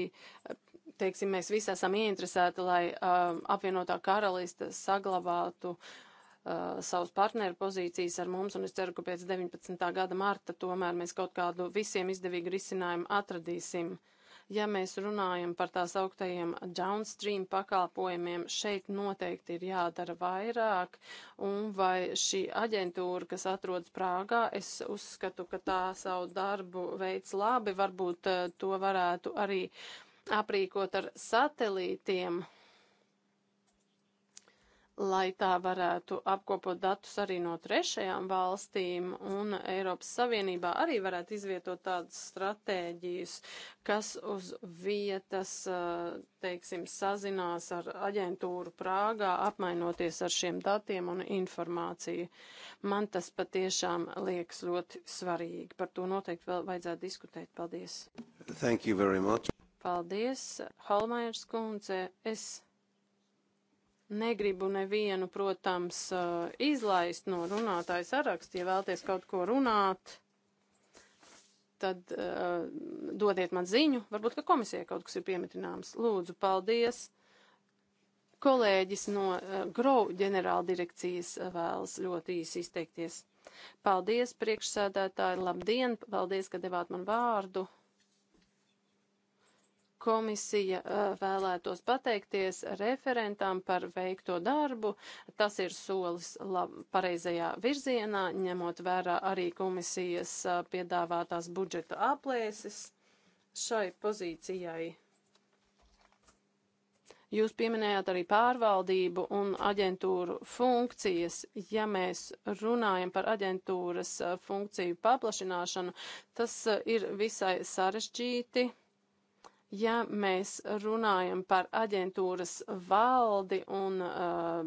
teiksim, mēs visi esam ieinteresēti, lai uh, apvienotā karalista saglabātu uh, savus partneru pozīcijas ar mums, un es ceru, ka pēc 19. gada marta tomēr mēs kaut kādu visiem izdevīgu risinājumu atradīsim. Ja mēs runājam par tās augtajiem downstream pakalpojumiem, šeit noteikti ir jādara vairāk, un vai šī aģentūra, kas atrodas Prāgā, es uzskatu, ka tā savu darbu veids labi, varbūt uh, to varētu arī uh, aprīkot ar satelītiem, lai tā varētu apkopot datus arī no trešajām valstīm, un Eiropas Savienībā arī varētu izvietot tādas stratēģijas, kas uz vietas, eh, teiksim, sazinās ar aģentūru Prāgā, apmainoties ar šiem datiem un informāciju. Man tas patiešām liekas ļoti svarīgi. Par to noteikti vēl vajadzētu diskutēt. Paldies! Thank you very much. Paldies, Holmairs kundze. Es negribu nevienu, protams, uh, izlaist no runātāja saraksta, ja vēlties kaut ko runāt tad uh, dodiet man ziņu. Varbūt, ka komisijai kaut kas ir piemetināms. Lūdzu, paldies. Kolēģis no uh, Grau ģenerāla direkcijas uh, vēlas ļoti īsi izteikties. Paldies, priekšsēdētāji, labdien, paldies, ka devāt man vārdu. Komisija vēlētos pateikties referentam par veikto darbu. Tas ir solis lab, pareizajā virzienā, ņemot vērā arī komisijas piedāvātās budžeta aplēses šai pozīcijai. Jūs pieminējāt arī pārvaldību un aģentūru funkcijas. Ja mēs runājam par aģentūras funkciju paplašināšanu, tas ir visai sarežģīti. Ja mēs runājam par aģentūras valdi un uh,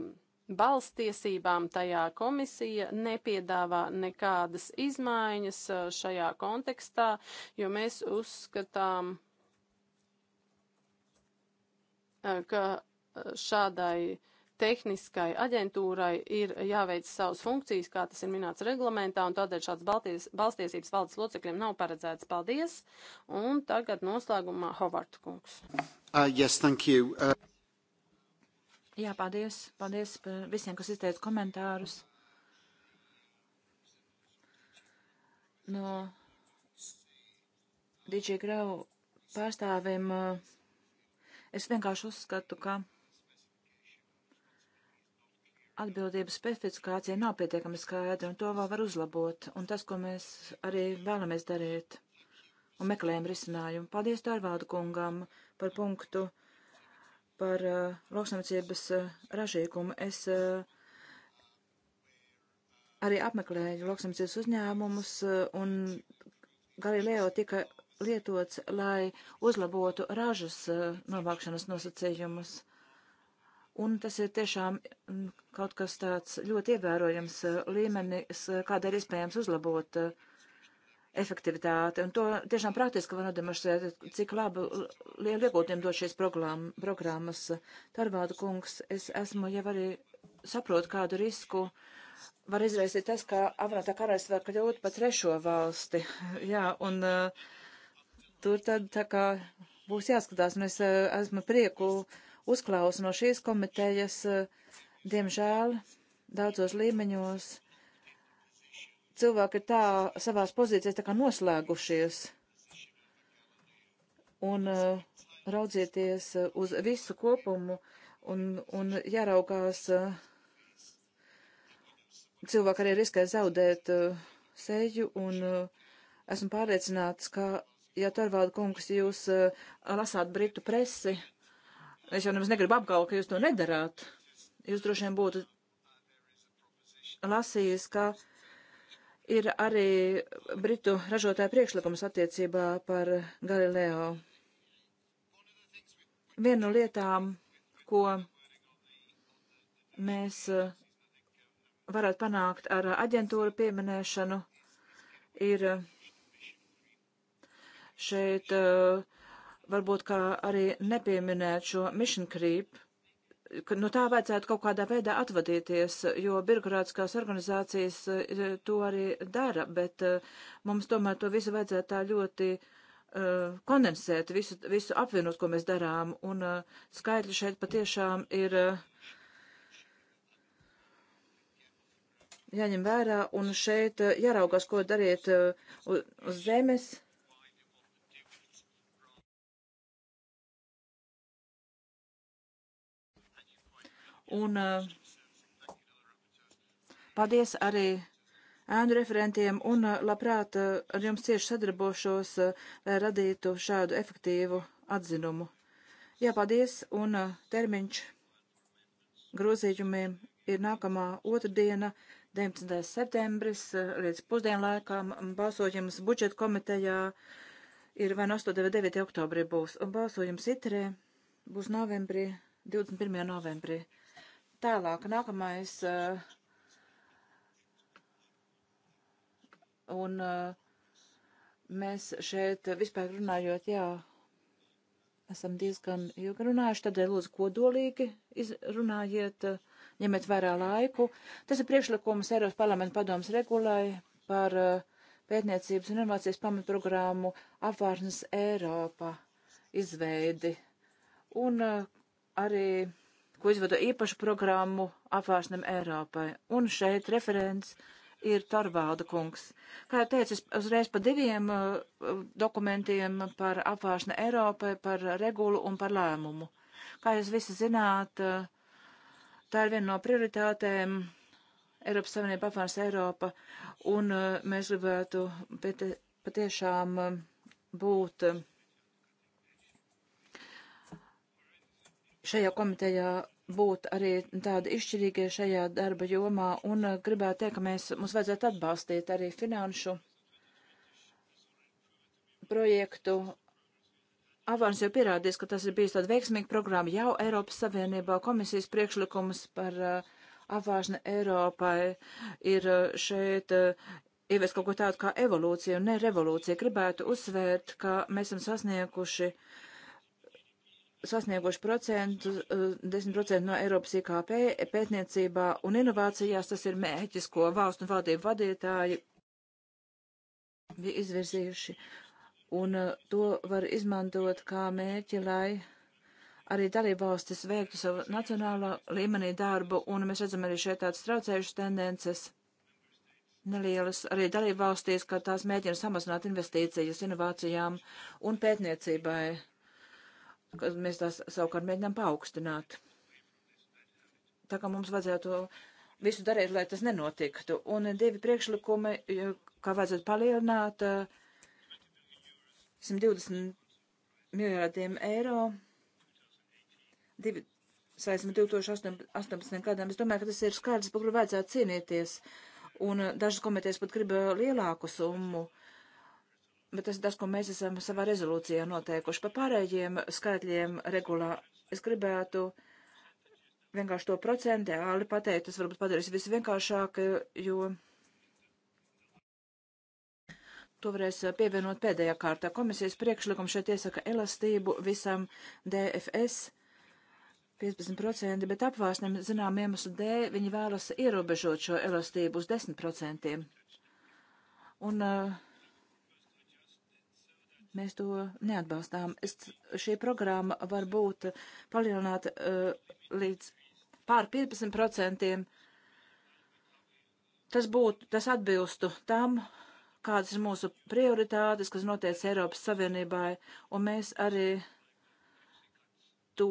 balstiesībām, tajā komisija nepiedāvā nekādas izmaiņas uh, šajā kontekstā, jo mēs uzskatām, uh, ka uh, šādai uh, tehniskai aģentūrai ir jāveic savas funkcijas, kā tas ir minēts reglamentā, un tādēļ šāds balties, balstiesības valdes locekļiem nav paredzēts. Paldies! Un tagad noslēgumā Hovarta kungs. Uh, yes, thank you. Uh... Jā, paldies. Paldies visiem, kas izteica komentārus. No DJ Grau pārstāvim uh, es vienkārši uzskatu, ka atbildības specifikācija nav pietiekami skaidra, un to vēl var uzlabot, un tas, ko mēs arī vēlamies darīt, un meklējam risinājumu. Paldies Tārvādu kungam par punktu par uh, lauksamniecības uh, ražīgumu. Es uh, arī apmeklēju lauksamniecības uzņēmumus, uh, un Galileo tika lietots, lai uzlabotu ražas uh, novākšanas nosacījumus. Un tas ir tiešām mm, kaut kas tāds ļoti ievērojams eh, līmenis, eh, kāda ir iespējams uzlabot eh, efektivitāti. Un to tiešām praktiski var nodemonstrēt, cik labu lielu iegūtiem dod šīs programmas. Tarvāda kungs, es esmu jau arī saprotu, kādu risku var izraisīt tas, ka Avnotā karalists var kļūt pa trešo valsti. (laughs) Jā, un uh, tur tad tā kā būs jāskatās, un es uh, esmu prieku. Uh, uzklausa no šīs komitejas, eh, diemžēl, daudzos līmeņos cilvēki ir tā savās pozīcijās tā kā noslēgušies. Un uh, raudzieties eh, uz visu kopumu un, un jāraugās. Uh, cilvēki arī riskē zaudēt uh, seju un esmu pārliecināts, ka, ja Torvalda kungs jūs lasāt britu presi, Es jau nemaz negribu apgalvot, ka jūs to nedarāt. Jūs droši vien būtu lasījis, ka ir arī Britu ražotāja priekšlikums attiecībā par Galileo. Viena no lietām, ko mēs eh, varētu panākt ar aģentūru pieminēšanu, ir šeit uh, varbūt kā arī nepieminēt šo mission creep, ka no tā vajadzētu kaut kādā veidā atvadīties, jo birokrātiskās organizācijas eh, to arī dara, bet eh, mums tomēr to visu vajadzētu tā ļoti uh, kondensēt, visu, visu apvienot, ko mēs darām, un uh, skaitļi šeit patiešām ir uh, jāņem vērā, un šeit jāraugās, ko darīt uz zemes Un eh, paldies arī ēnu referentiem un eh, labprāt eh, ar jums cieši sadarbošos, lai radītu šādu efektīvu atzinumu. Jā, paldies, un termiņš grozījumiem ir nākamā otrdiena, 19. septembris, līdz pusdienlaikām balsojums budžeta komitejā ir vai 8.9. Nu oktobrī būs, un balsojums itrē būs novembrī, 21. novembrī. Tālāk, nākamais. Uh, un uh, mēs šeit vispār runājot, jā, esam diezgan ilgi runājuši, tādēļ eh, lūdzu kodolīgi runājiet, uh, ņemiet vērā laiku. Tas ir priekšlikums Eiropas parlamenta padomas regulai par pētniecības un inovācijas pamatprogrammu apvārnes Eiropa izveidi. Un arī ko izvada īpašu programmu apvārsnam Eiropai. Un šeit referents ir Torvalda kungs. Kā jau teicu, uzreiz pa diviem uh, dokumentiem par apvāršanu Eiropai, par regulu un par lēmumu. Kā jūs visi zināt, uh, tā ir viena no prioritātēm Eiropas Savienība apvārs Eiropa, un uh, mēs gribētu pati, patiešām uh, būt uh, šajā komitejā būt arī tādi izšķirīgie šajā darba jomā un eh, gribētu teikt, ka mēs, mums vajadzētu atbalstīt arī finanšu projektu. Avans jau pierādījis, ka tas ir bijis tāda veiksmīga programma jau Eiropas Savienībā. Komisijas priekšlikums par uh, eh, avāžne Eiropai ir uh, šeit uh, ievies kaut ko tādu kā evolūcija un ne revolūcija. Gribētu uzsvērt, ka mēs esam sasnieguši uh, sasnieguši procentu, 10% eh, no Eiropas IKP pētniecībā un inovācijās. Tas ir mēķis, ko valstu un valdību vadītāji bija izvirzījuši. Un eh, to var izmantot kā mērķi, lai arī dalībvalstis veiktu savu nacionālo līmenī darbu, un mēs redzam arī šeit tādas traucējušas tendences nelielas arī dalībvalstīs, ka tās mēģina samazināt investīcijas inovācijām un pētniecībai Mēs tās savukārt mēģinām paaugstināt. Tā kā mums vajadzētu visu darīt, lai tas nenotiktu. Un divi priekšlikumi, kā vajadzētu palielināt 120 eh, miljārdiem eiro. Divi, saistībā 2018. gadam. Es domāju, ka tas ir skaidrs, par kuru vajadzētu cīnīties. Un dažas komitejas pat grib lielāku summu. Uh, bet tas ir tas, ko mēs esam savā rezolūcijā noteikuši. Par pārējiem skaitļiem regulā es gribētu vienkārši to procentuāli pateikt, tas varbūt padarīs visu vienkāršāk, jo to varēs pievienot pēdējā kārtā. Komisijas priekšlikums šeit iesaka elastību visam DFS 15%, bet apvārsniem zinām iemeslu dēļ viņi vēlas ierobežot šo elastību uz 10%. Un uh, Mēs to neatbalstām. Es, šī programma var būt eh, palielināta uh, eh, līdz pār 15%. Tas būtu, tas atbilstu tam, kādas ir mūsu prioritātes, kas notiek Eiropas Savienībai, un mēs arī to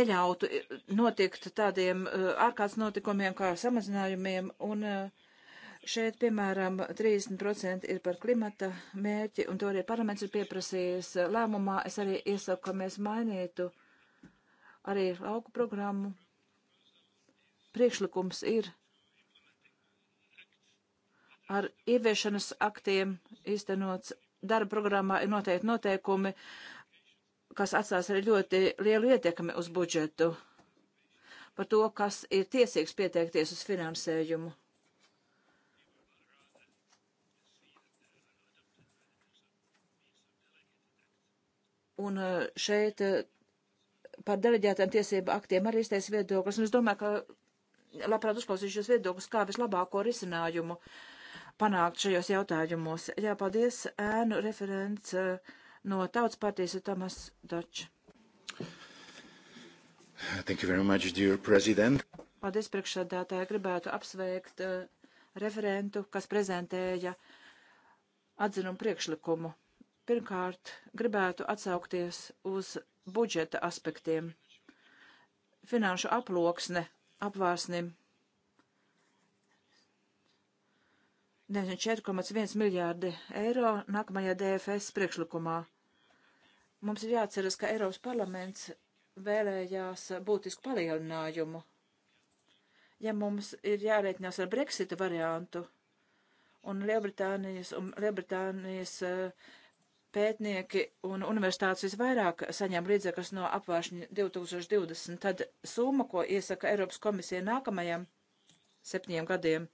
neļautu eh, notiekt tādiem uh, ārkārtas notikumiem kā samazinājumiem un uh, Šeit, piemēram, 30% ir par klimata mērķi, un to arī parlaments ir pieprasījis lēmumā. Es arī iesaku, ka mēs mainītu arī lauku programmu. Priekšlikums ir ar ieviešanas aktiem īstenots. Darba programmā ir noteikti noteikumi, kas atstās arī ļoti lielu ietekmi uz budžetu par to, kas ir tiesīgs pieteikties uz finansējumu. Un eh, šeit eh, par deleģētiem tiesību aktiem arī izteicis viedoklis. Un es domāju, ka labprāt uzklausīšu jūs viedoklis, kā vislabāko risinājumu panākt šajos jautājumos. Jā, paldies. Ēnu referents eh, no Tautas partijas ir Tomas Dočs. Thank you very much, dear president. Paldies, priekšsēdētāji. Gribētu apsveikt uh, referentu, kas prezentēja atzinumu priekšlikumu Pirmkārt, gribētu atsaukties uz budžeta aspektiem. Finanšu aploksne apvārsnim 94,1 miljārdi eiro nākamajā DFS priekšlikumā. Mums ir jāatceras, ka Eiropas parlaments vēlējās būtisku palielinājumu. Ja mums ir jārēķinās ar Brexita variantu un Lielbritānijas un Lielbritānijas uh, pētnieki un universitātes visvairāk saņem līdzekļus no apvāršņa 2020, tad summa, ko iesaka Eiropas komisija nākamajam septiņiem gadiem,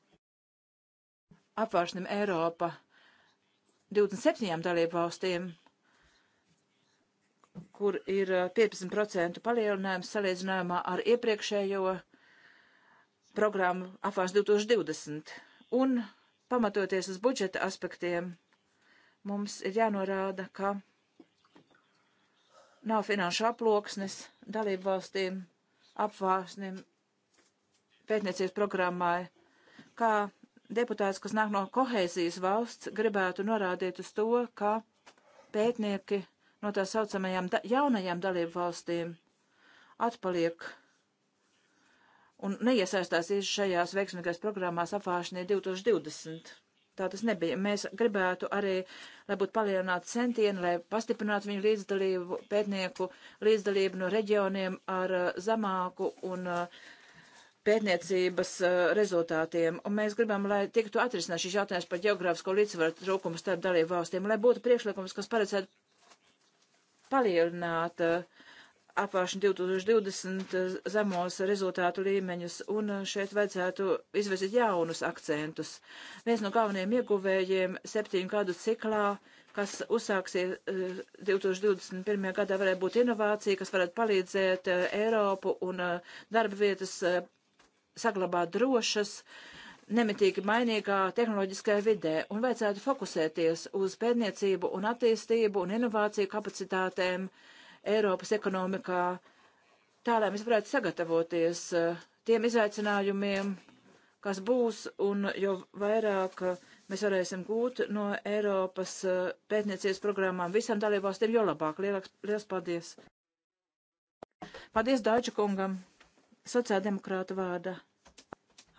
apvāršņam Eiropa 27 dalību valstīm, kur ir 15% eh, palielinājums salīdzinājumā ar iepriekšējo programmu apvārs 2020 un pamatoties uz budžeta aspektiem mums ir jānorāda, ka nav finanšu aploksnes dalību valstīm, apvārsnim, pētniecības programmai, kā deputāts, kas nāk no kohēzijas valsts, gribētu norādīt uz to, ka pētnieki no tā saucamajām da jaunajām dalību valstīm atpaliek un neiesaistās šajās veiksmīgās programmās apvāršanai 2020. Tā tas nebija. Mēs gribētu arī, lai būtu palielināti centieni, lai pastiprinātu viņu līdzdalību, pētnieku līdzdalību no reģioniem ar uh, zamāku un uh, pētniecības uh, rezultātiem, un mēs gribam, lai tiktu atrisināt šis jautājums par geogrāfisko līdzsvaru trūkumu starp dalību valstīm, lai būtu priekšlikums, kas paredzētu palielināt uh, apvāršana 2020 eh, zemos rezultātu līmeņus, un eh, šeit vajadzētu izvirzīt jaunus akcentus. Viens no galvenajiem ieguvējiem septiņu gadu ciklā, kas uzsāksies 2021. Eh, gadā, varētu būt inovācija, kas varētu palīdzēt Eiropu un darba vietas saglabāt drošas nemitīgi mainīgā tehnoloģiskajā vidē un vajadzētu fokusēties uz pētniecību un attīstību un inovāciju kapacitātēm uh, Eiropas ekonomikā, tā lai mēs varētu sagatavoties eh, tiem izaicinājumiem, kas būs, un jo vairāk eh, mēs varēsim gūt no Eiropas eh, pētniecības programmām visām dalībvalstīm, jo labāk. Lielāks, liels paldies! Paldies Dāča kungam! Sociāldemokrāta vārda.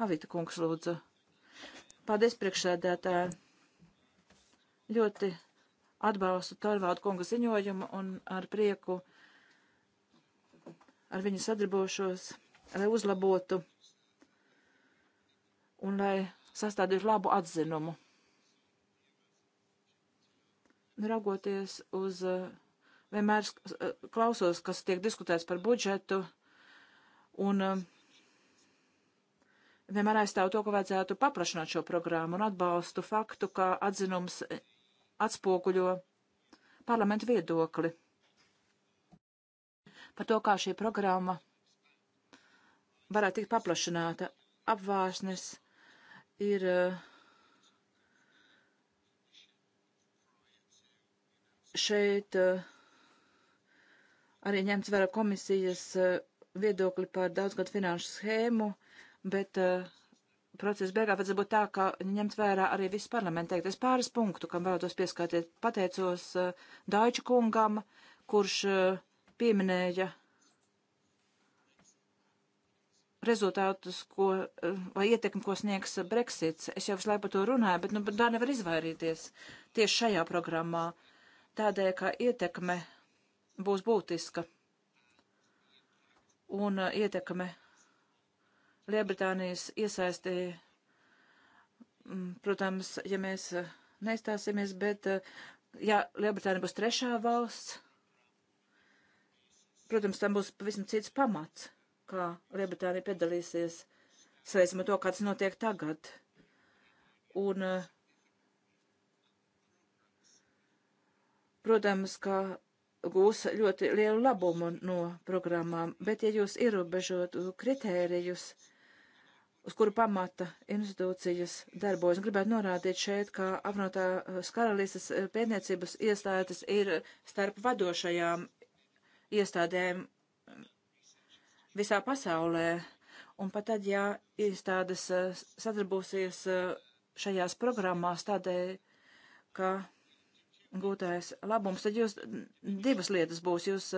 Avita kungs lūdzu. Paldies priekšsēdētāji. Ļoti atbalstu Torvaldu kunga ziņojumu un ar prieku ar viņu sadarbošos, lai uzlabotu un lai sastādītu labu atzinumu. Raugoties uz, uh, vienmēr uh, klausos, kas tiek diskutēts par budžetu un uh, vienmēr aizstāv to, ka vajadzētu paplašināt šo programmu un atbalstu faktu, ka atzinums atspoguļo parlamentu viedokli par to, kā šī programma varētu tikt paplašināta. Apvārsnes ir eh, šeit eh, arī ņemts vērā komisijas eh, viedokli par daudzgadu finanšu schēmu, bet uh, procesa beigā vajadzētu būt tā, ka ņemt vērā arī viss parlamenta teiktais pāris punktu, kam vēlētos pieskatīt. Pateicos uh, eh, Daiču kungam, kurš uh, pieminēja rezultātus, ko, uh, vai ietekmi, ko sniegs Brexits. Es jau visu laiku par to runāju, bet nu, tā nevar izvairīties tieši šajā programmā. Tādēļ, ka ietekme būs būtiska. Un ietekme Lielbritānijas iesaistē, mm, protams, ja mēs eh, neizstāsimies, bet eh, ja Lielbritānija būs trešā valsts, protams, tam būs pavisam cits pamats, kā Lielbritānija piedalīsies, salīdzinot to, kāds notiek tagad. Un, eh, protams, ka gūs ļoti lielu labumu no programmām, bet ja jūs ierobežotu kritērijus, uz kuru pamata institūcijas darbojas. Un gribētu norādīt šeit, ka apvienotā eh, karalistas eh, pētniecības iestādes ir starp vadošajām iestādēm mm, visā pasaulē. Un pat tad, ja iestādes eh, sadarbosies šajās programmās tādēļ, ka gūtais labums, tad jūs mm, divas lietas būs. Jūs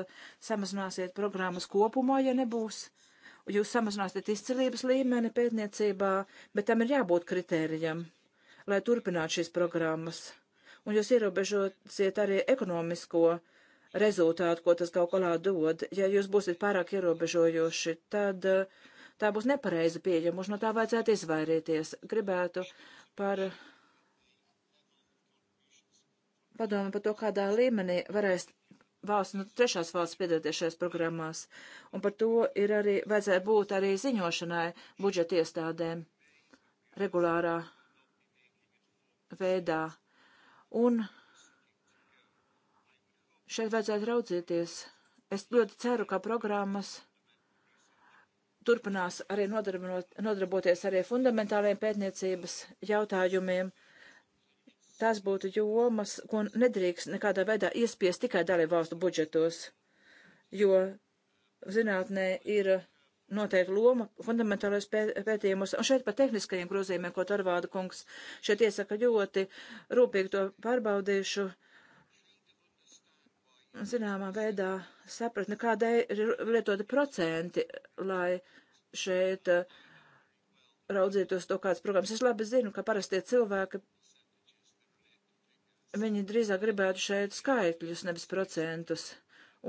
samazināsiet programmas kopumā, ja nebūs uh, jūs samazināsiet izcilības līmeni pētniecībā, bet tam ir jābūt kritērijam, lai turpinātu šīs programmas. Un jūs ierobežosiet arī ekonomisko rezultātu, ko tas kaut kādā dod. Ja jūs būsiet pārāk ierobežojoši, tad uh, tā būs nepareiza pieeja. Mums no tā vajadzētu izvairīties. Gribētu par padomu par to, kādā līmenī varēs valsts, nu, trešās valsts piedalīties šajās programmās. Un par to ir arī, vajadzēja būt arī ziņošanai budžeta iestādēm regulārā veidā. Un šeit vajadzētu raudzīties. Es ļoti ceru, ka programmas turpinās arī nodarboties arī fundamentāliem pētniecības jautājumiem tās būtu jomas, ko nedrīkst nekādā veidā iespiest tikai dalībvalstu budžetos, jo zinātnē ir noteikti loma fundamentālais pētījumus, un šeit par tehniskajiem grozījumiem, ko Tarvāda kungs šeit iesaka ļoti rūpīgi to pārbaudīšu zināmā veidā sapratni, nu, kādēļ ir lietoti procenti, lai šeit uh, raudzītos to kādas programmas. Es labi zinu, ka parastie cilvēki viņi drīzāk gribētu šeit skaitļus, nevis procentus.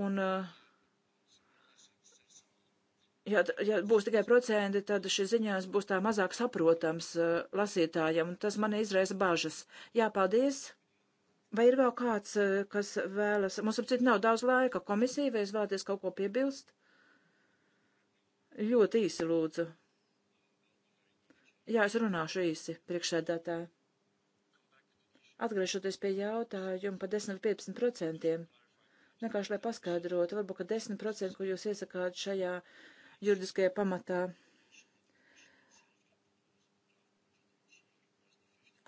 Un, eh, ja, ja būs tikai procenti, tad šis ziņās būs tā mazāk saprotams eh, lasītājiem, un tas man izraisa bažas. Jā, paldies! Vai ir vēl kāds, eh, kas vēlas? Mums, ap citu, nav daudz laika. Komisija, vai jūs vēlaties kaut ko piebilst? Ļoti īsi, lūdzu. Jā, es runāšu īsi, priekšsēdētāji. Atgriežoties pie jautājuma par 10-15%, vienkārši lai paskaidrotu, varbūt, ka 10%, ko jūs iesakāt šajā juridiskajā pamatā,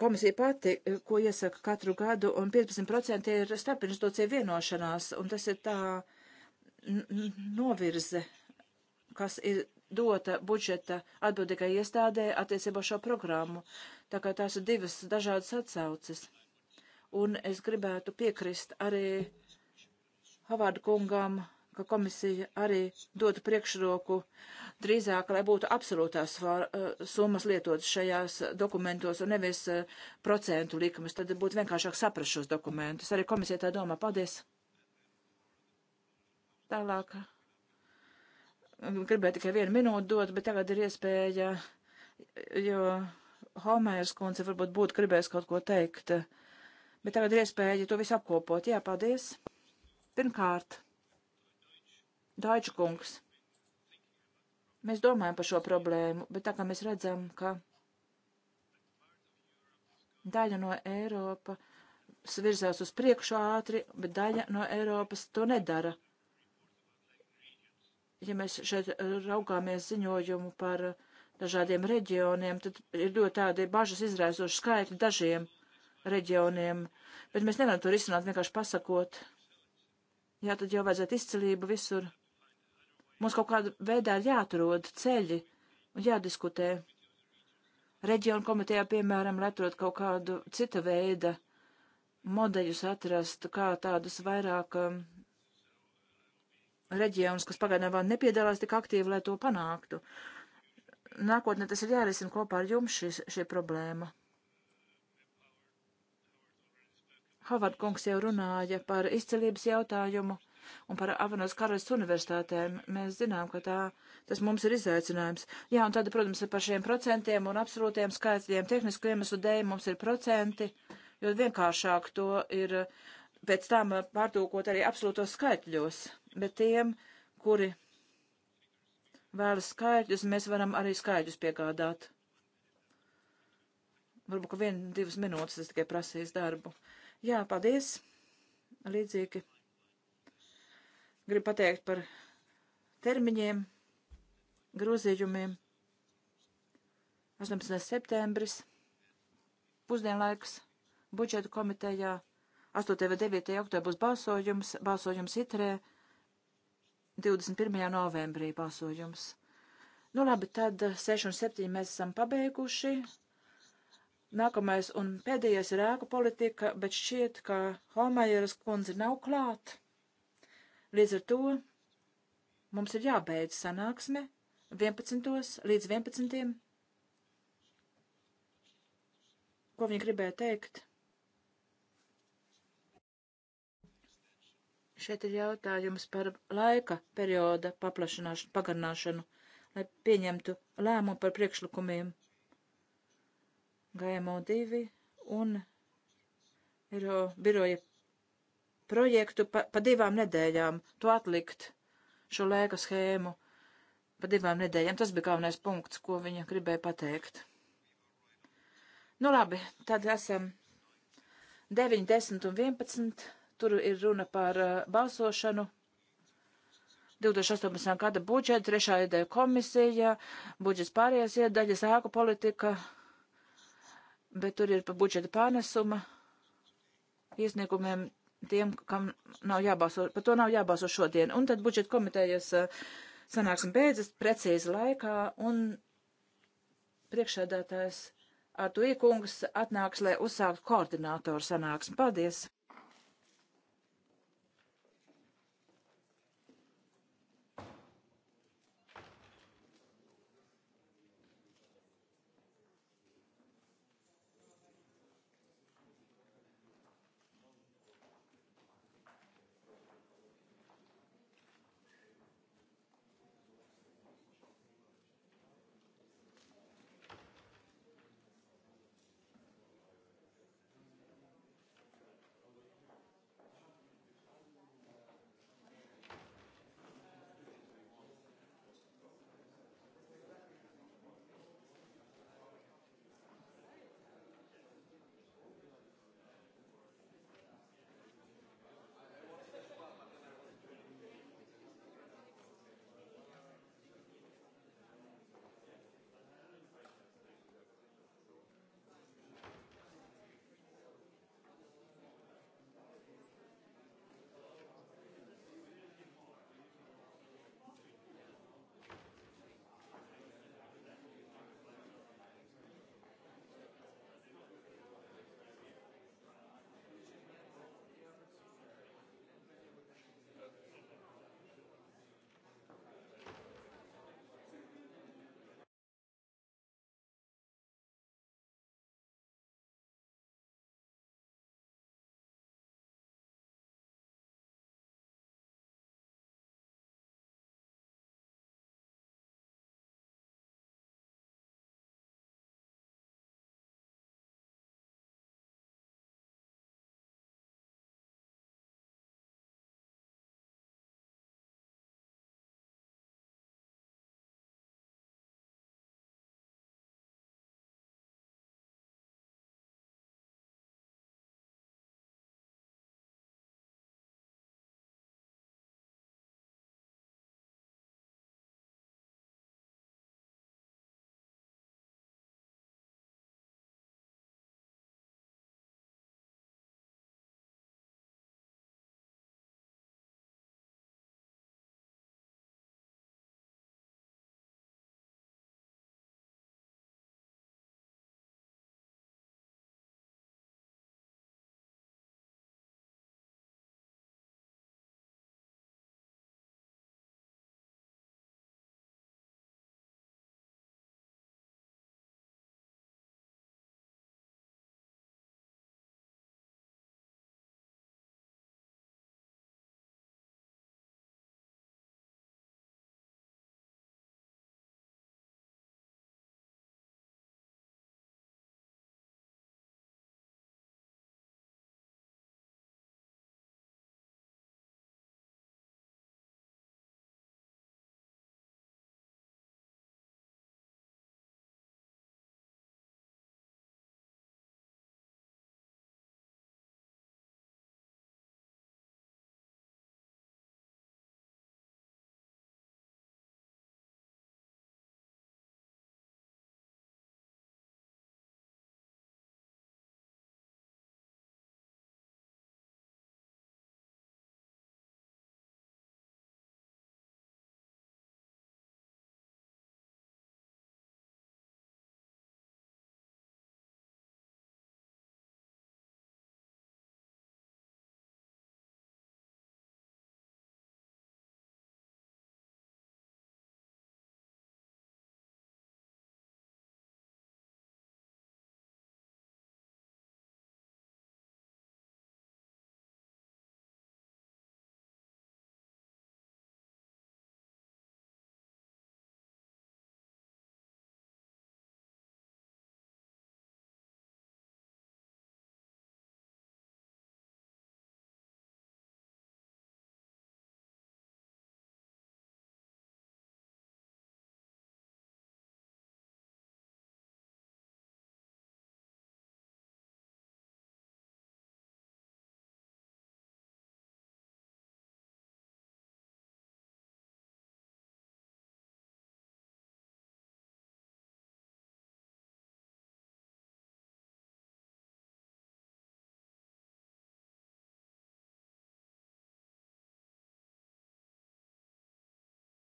komisija pati, ko iesaka katru gadu, un 15% ir starpinstitūcija vienošanās, un tas ir tā novirze, kas ir dota budžeta atbildīgai iestādē attiecībā šo programmu, tā kā tās ir divas dažādas atsauces. Un es gribētu piekrist arī Havārdu kungam, ka komisija arī dotu priekšroku drīzāk, lai būtu absolūtās var, eh, summas lietotas šajās dokumentos un nevis eh, procentu likumus. Tad būtu vienkāršāk saprast šos dokumentus. Arī komisija tā domā. Paldies! Tālāk gribēju tikai vienu minūtu dot, bet tagad ir iespēja, jo Homērs kundze varbūt būtu gribējis kaut ko teikt, bet tagad ir iespēja to visu apkopot. Jā, paldies. Pirmkārt, Daiču kungs, mēs domājam par šo problēmu, bet tā kā mēs redzam, ka daļa no Eiropa virzās uz priekšu ātri, bet daļa no Eiropas to nedara ja mēs šeit eh, raugāmies ziņojumu par dažādiem reģioniem, tad ir ļoti tādi bažas izraizoši skaitļi dažiem reģioniem, bet mēs nevaram to risināt vienkārši pasakot. Jā, tad jau vajadzētu izcilību visur. Mums kaut kādā veidā ir jāatrod ceļi un jādiskutē. Reģionu komitejā, piemēram, lai atrod kaut kādu cita veida modeļus atrast, kā tādus vairāk um, reģionus, kas pagaidām vēl nepiedalās tik aktīvi, lai to panāktu. Nākotnē tas ir jārisina kopā ar jums šis, šī problēma. Havard kungs jau runāja par izcelības jautājumu un par Avanos karalists universitātēm. Mēs zinām, ka tā, tas mums ir izaicinājums. Jā, un tad, protams, par šiem procentiem un absolūtiem skaitļiem tehnisku iemeslu dēļ mums ir procenti, jo vienkāršāk to ir uh, pēc tam eh, pārtūkot arī absolūtos skaitļos, bet tiem, kuri vēlas skaitļus, mēs varam arī skaitļus piegādāt. Varbūt, ka viena, divas minūtes tas tikai prasīs darbu. Jā, paldies. Līdzīgi gribu pateikt par termiņiem, grozījumiem. 18. septembris, pusdienlaiks, budžeta komitejā 8. vai 9. oktobrī būs balsojums, balsojums itrē, 21. novembrī balsojums. Nu labi, tad 6 un 7 mēs esam pabeiguši. Nākamais un pēdējais ir ēku politika, bet šķiet, ka Holmajeras kundze nav klāt. Līdz ar to mums ir jābeidz sanāksme 11. līdz 11. Ko viņi gribēja teikt? Šeit ir jautājums par laika perioda paplašināšanu, pagarināšanu, lai pieņemtu lēmumu par priekšlikumiem GMO2 un biro, biroja projektu pa, pa divām nedēļām, to atlikt šo laika schēmu pa divām nedēļām. Tas bija galvenais punkts, ko viņa gribēja pateikt. Nu labi, tad esam 9, 10 un 11 Tur ir runa par uh, balsošanu. 2018. gada budžets, trešā ideja komisija, budžets pārējās iedaļas, ēku politika, bet tur ir pa budžeta pārnesuma iesniegumiem tiem, kam nav jābalso, par to nav jābalso šodien. Un tad budžeta komitejas eh, sanāksim beidzas precīzi laikā un priekšēdētājs Artu Īkungs atnāks, lai uzsāktu koordinātoru sanāksmi. Paldies!